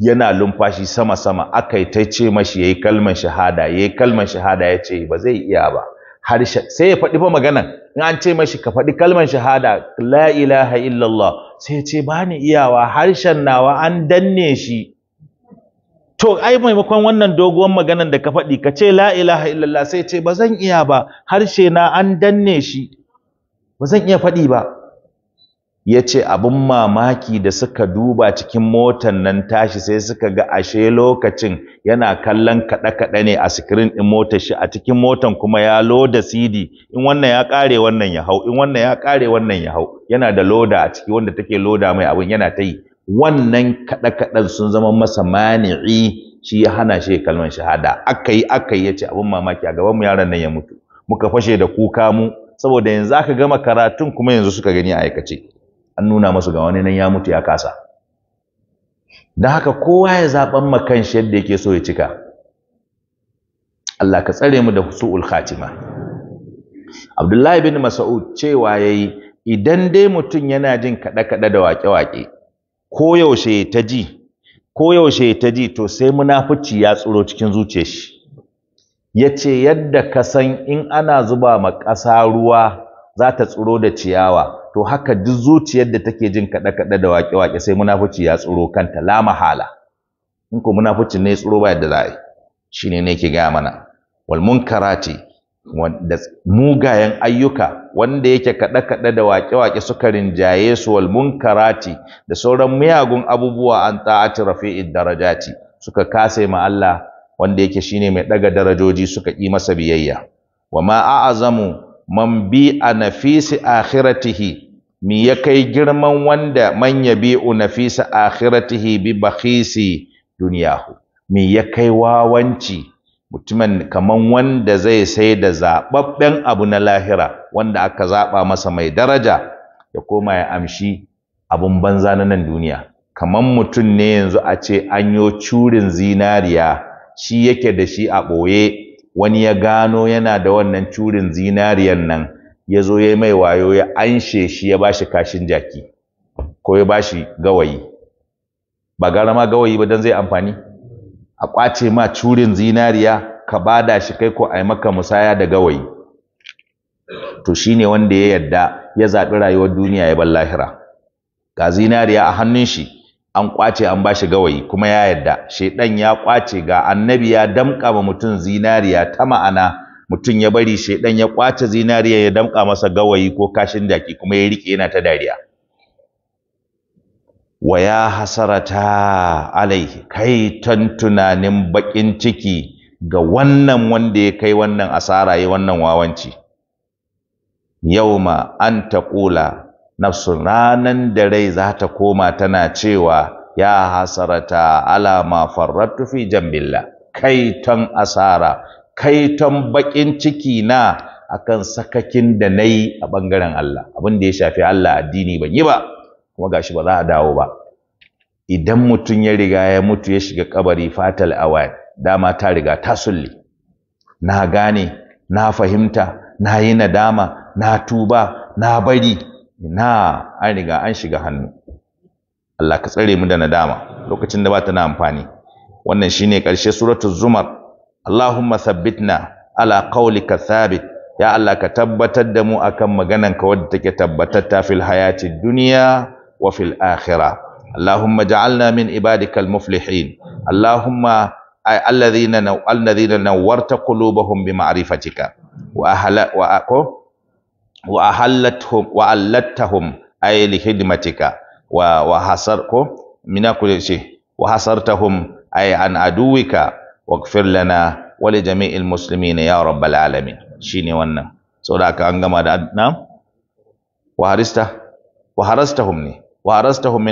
yana lumfashi sama-sama aka yi ta ce mashi yayi kalmar shahada yayi kalmar shahada ya ce ba zai iya ba har sai ya faɗi fa maganan in an ce mashi ka faɗi kalmar shahada la ilaha illallah sai ya ce ba ni iyawa harshen nawa an danne shi to ai maimakon wannan doguwar maganan da ka faɗi ka ce la ilaha illallah sai ya ce ba zan iya ba harshe na an danne shi ba zan iya faɗi ba ya ce abin mamaki da suka duba cikin motan nan tashi sai suka ga ashe lokacin yana kallon kaɗe-kaɗe ne a sikirin ɗin motar shi a cikin motan kuma ya loda cd in wannan ya ƙare wannan ya hau in wannan ya ƙare wannan ya hau yana da loda a ciki wanda take loda mai abin yana ta yi wannan kaɗe-kaɗen sun zama masa mani'i shi ya hana shi kalman shahada aka yi aka yi ya ce abin mamaki a gaban mu yaron nan ya mutu muka fashe da kuka mu saboda yanzu aka gama karatun kuma yanzu suka gani a aikace an nuna masu ga wani nan ya mutu ya kasa don haka kowa ya zaɓan makan shi yadda yake so ya cika Allah ka tsare mu da su'ul khatima Abdullahi bin Mas'ud cewa yayi idan dai mutum yana jin kaɗe-kaɗe da waƙe-waƙe ko yaushe ta ji ko yaushe ta ji to sai munafici ya tsoro cikin zuciyar shi yace yadda ka san in ana zuba ma ƙasa ruwa za ta tsoro da ciyawa to haka duk zuciyar da take jin kaɗe kaɗe da waƙe waƙe sai munafuci ya tsoro kanta la mahala in ko munafucin ne tsoro ba yadda za a yi shine ne yake gaya mana wal munkarati wanda mugayen ayyuka wanda yake kaɗe kaɗe da waƙe waƙe suka rinjaye su wal munkarati da sauran miyagun abubuwa an ta'ati rafi'id darajati suka kase ma Allah wanda yake shine mai ɗaga darajoji suka ƙi masa biyayya wa ma a'azamu man bi a nafisi akhiratihi mi ya kai girman wanda man bi nafisa akhiratihi bi bakhisi dunyahu mi ya kai wawanci mutumin kaman wanda zai sai da zababben abu na lahira wanda aka zaba masa mai daraja ya koma ya amshi abun banza na nan duniya kaman mutum ne yanzu a ce an yo curin zinariya shi yake da shi a ɓoye wani ya gano yana da wannan curin zinariyan nan ya zo ya yi mai wayo ya anshe shi ya bashi kashin jaki ko ya bashi gawayi ba gara ma gawayi ba don zai amfani a kwace ma curin zinariya ka ba da shi kai ko yi maka musaya da gawayi to shi ne wanda ya yadda ya zaɓi rayuwar duniya ya bar lahira ga zinariya a hannun shi an kwace an bashi gawayi kuma ya yadda shedan ya kwace ga annabi ya damƙa ma mutum zinariya ta ma'ana mutum ya bari ɗan ya kwace zinariya ya damka masa gawayi ko kashin daki kuma ya rike yana ta dariya wa ya hasarata alaihi kai tan tunanin bakin ciki ga wannan wanda ya kai wannan asara ya wannan wawanci yauma an taqula nafsu ranan da rai za ta koma tana cewa ya hasarata ala ma farrattu fi jambillah kai tan asara kaiton bakin ciki na akan sakakin da nayi a bangaren Allah abin da ya shafi Allah addini ban yi ba kuma gashi ba za a dawo ba idan mutum ya riga ya mutu ya shiga kabari fatal awai dama ta riga ta sulli na gane na fahimta na yi nadama na tuba na bari na an riga an shiga hannu Allah ka tsare mu da nadama lokacin da ba ta na amfani wannan shine ƙarshe suratul zumar Allahuma sabbitna ala qawlika sabit, ya Allah ka tabbatar da mu akan maganarka wadda take ta fil hayati duniya wa fil akhirah Allahumma ja'alna min ibadikal muflihin Allahumma ay alladhina alladhina nawwarta qulubahum bi ma'rifatika wa wa ako wa ahallatuhum wa allattahum wa an aduwika waghfir lana wa li jami'il muslimin ya rabbal alamin shine wannan saboda ka an gama da na wa harista wa harastahum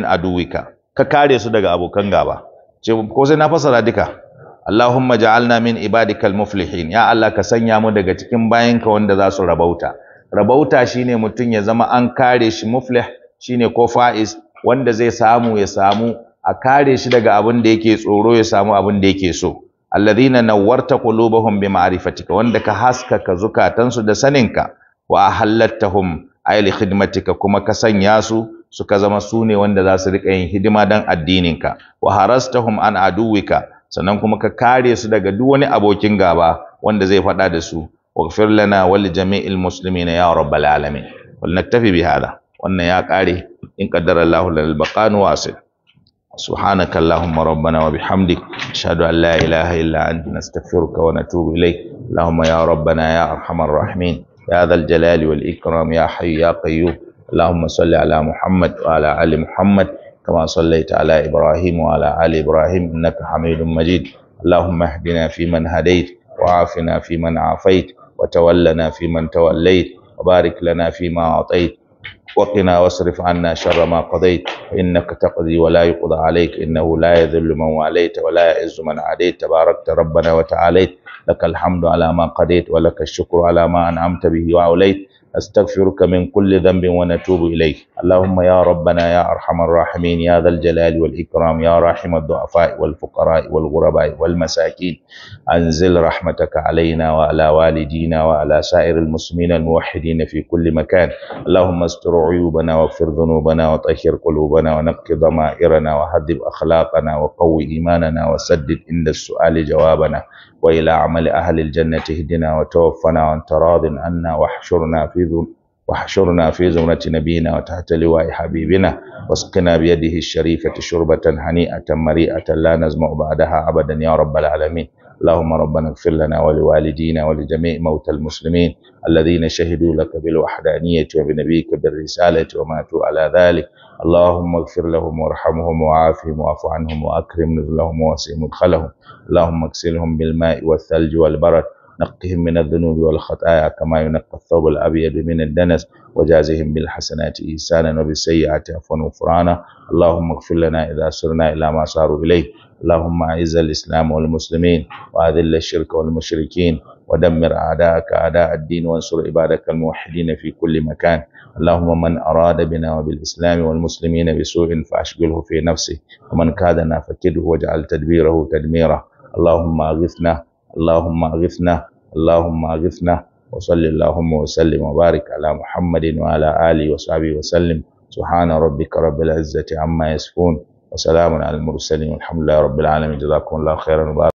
aduwika ka kare su daga abokan gaba ce ko sai na fasara duka Allahumma ja'alna min ibadikal muflihin ya Allah ka sanya mu daga cikin bayan ka wanda za su rabauta rabauta shine mutum ya zama an kare shi muflih shine ko fa'iz wanda zai samu ya samu a kare shi daga abin da yake tsoro ya samu abin da yake so alladhina nawwarta qulubahum bi ma'rifatika wanda ka haskaka zukatansu da saninka wa ahallattahum ay li khidmatika kuma ka sanya su suka zama su ne wanda za su rika yin hidima dan addininka wa harastahum an aduwika sannan kuma ka kare su daga duk wani abokin gaba wanda zai faɗa da su waghfir lana wal jami'il muslimina ya rabbal alamin wal naktafi bi hada wannan ya kare in qaddara Allahu lana al-baqan wasil subhanakallahumma rabbana نشهد أن لا إله إلا أنت نستغفرك ونتوب إليك اللهم يا ربنا يا أرحم الراحمين يا ذا الجلال والإكرام يا حي يا قيوم اللهم صل على محمد وعلى آل محمد كما صليت على إبراهيم وعلى آل إبراهيم إنك حميد مجيد اللهم اهدنا فيمن هديت وعافنا فيمن عافيت وتولنا فيمن توليت وبارك لنا فيما أعطيت وقنا واصرف عنا شر ما قضيت فإنك تقضي ولا يقضى عليك إنه لا يذل من واليت ولا يعز من عاديت تباركت ربنا وتعاليت لك الحمد على ما قضيت ولك الشكر على ما أنعمت به وعليت أستغفرك من كل ذنب ونتوب إليه اللهم يا ربنا يا أرحم الراحمين يا ذا الجلال والإكرام يا راحم الضعفاء والفقراء والغرباء والمساكين أنزل رحمتك علينا وعلى والدينا وعلى سائر المسلمين الموحدين في كل مكان اللهم استر عيوبنا واغفر ذنوبنا وطهر قلوبنا ونقي ضمائرنا وهذب أخلاقنا وقوي إيماننا وسدد عند السؤال جوابنا وإلى عمل أهل الجنة اهدنا وتوفنا وأنت راض عنا واحشرنا في واحشرنا في زمرة نبينا وتحت لواء حبيبنا واسقنا بيده الشريفة شربة هنيئة مريئة لا نزمع بعدها أبدا يا رب العالمين اللهم ربنا اغفر لنا ولوالدينا ولجميع موتى المسلمين الذين شهدوا لك بالوحدانية وبنبيك بالرسالة وماتوا على ذلك اللهم اغفر لهم وارحمهم وعافهم واعف عنهم وأكرم نزلهم ووسع مدخلهم اللهم اغسلهم بالماء والثلج والبرد نقهم من الذنوب والخطايا كما ينقى الثوب الأبيض من الدنس وجازهم بالحسنات إحسانا وبالسيئات عفوا وفرانا اللهم اغفر لنا إذا سرنا إلى ما صاروا إليه اللهم أعز الإسلام والمسلمين وأذل الشرك والمشركين ودمر أعداءك أعداء الدين وانصر عبادك الموحدين في كل مكان اللهم من أراد بنا وبالإسلام والمسلمين بسوء فأشغله في نفسه ومن كادنا فكده واجعل تدبيره تدميره Allahumma aghithna Allahumma aghithna Allahumma aghithna wa sallallahu wa sallim wa barik ala Muhammadin wa ala alihi wa sahbihi wa sallim subhana rabbika rabbil izzati amma yasifun wa salamun al mursalin walhamdulillahi rabbil